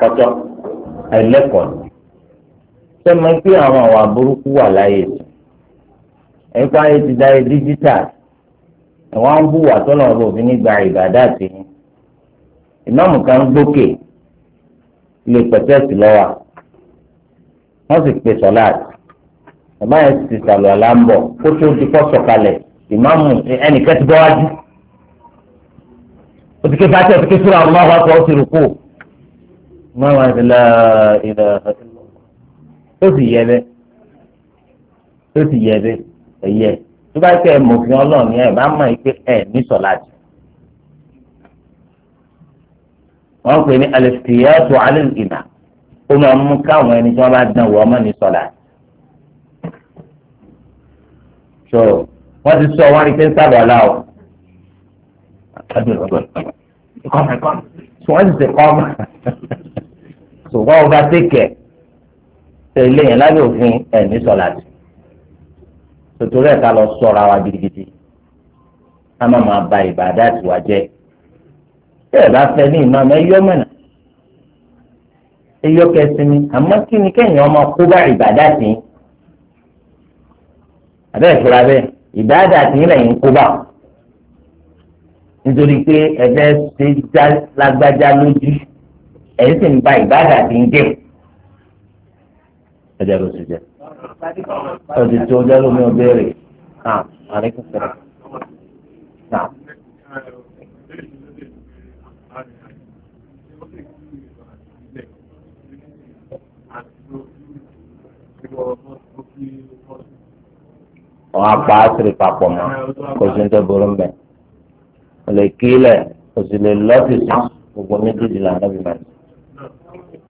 Kọjọ́ ẹlẹ́kọ̀ọ́ ṣé mo ń pín àwọn àwà burúkú wà láyé ẹ̀ka ayé ti dá yé díjítàlì ẹ̀wọ́n á ń hùwà tọ́lọ̀ ọ̀bọ̀ òfin nígbà ìbàdà àti yín ìmáàmù kan gbókè lè pẹ̀tẹ́ẹ̀sì lọ́wọ́ wọ́n sì pè sọ́láàtì bàbá yẹn ti sàlù àlá ń bọ̀ kó tó di kọ́ sọ̀kalẹ̀ ìmáàmù ẹnìkan ti bọ́ wájú ó ti ké fàtí ó ti ké sùrà ọmọ àwọn akọ ti rù kú ìmáàmù àti ilà ilà ó sì yẹ bẹ́ẹ̀ ó sì yẹ bẹ́ẹ̀ ẹ̀yẹ tó bá kẹ́ ẹ mọ̀fin ọlọ́run ni ẹ bá mọ̀ pé ẹ ní sọ̀láàtì. wọ́n pè ní alẹ́sìtìyàtò alẹ́ ìnà ó máa mú káwọn ẹni tí wọ́n bá dán wọ́n mọ̀ ní sọ̀láàtì. so wọ́n ti sọ wọ́n rí pé ń sábà láwọ̀ so wọ́n ti sè kọ́ ọ́mà so wọ́n bá tẹ̀kẹ̀ tẹ̀lé yẹn lábẹ́ òfin ẹ̀ ní sọ̀láàtì tòtòrí ẹ̀ka lọ sọ̀rọ̀ àwa gidigidi ká má máa ba ìbàdà àtiwá jẹ́ tí ẹ̀ bá fẹ́ ní ìmọ̀ ẹ̀ yọ mọ̀nà ẹ̀ yọ kẹsìmí àmọ́ kí ni kẹ́yìn ọmọ kó bá ìbàdà sí i àbẹ́ ìfura bẹ́ẹ̀ ìbàdà sí i lẹ́yìn kó bá nítorí pé ẹ̀fẹ́ ṣe já lágbájá lójú ẹ̀ sì ń ba ìbàdà sí i jẹ́ ẹ̀jẹ̀ ló ti jẹ́ ọdún tó dá lómi ọbẹ̀rẹ̀ náà àríkún sẹ́rẹ̀ náà. wọn apá àṣírí papọ̀ mọ́ kò sí ní tó burú mbẹ́ kò lè kí lẹ̀ kò sì lè lọ́ọ̀tì sùn gbogbo méjèèjì làwọn ọ̀bí máa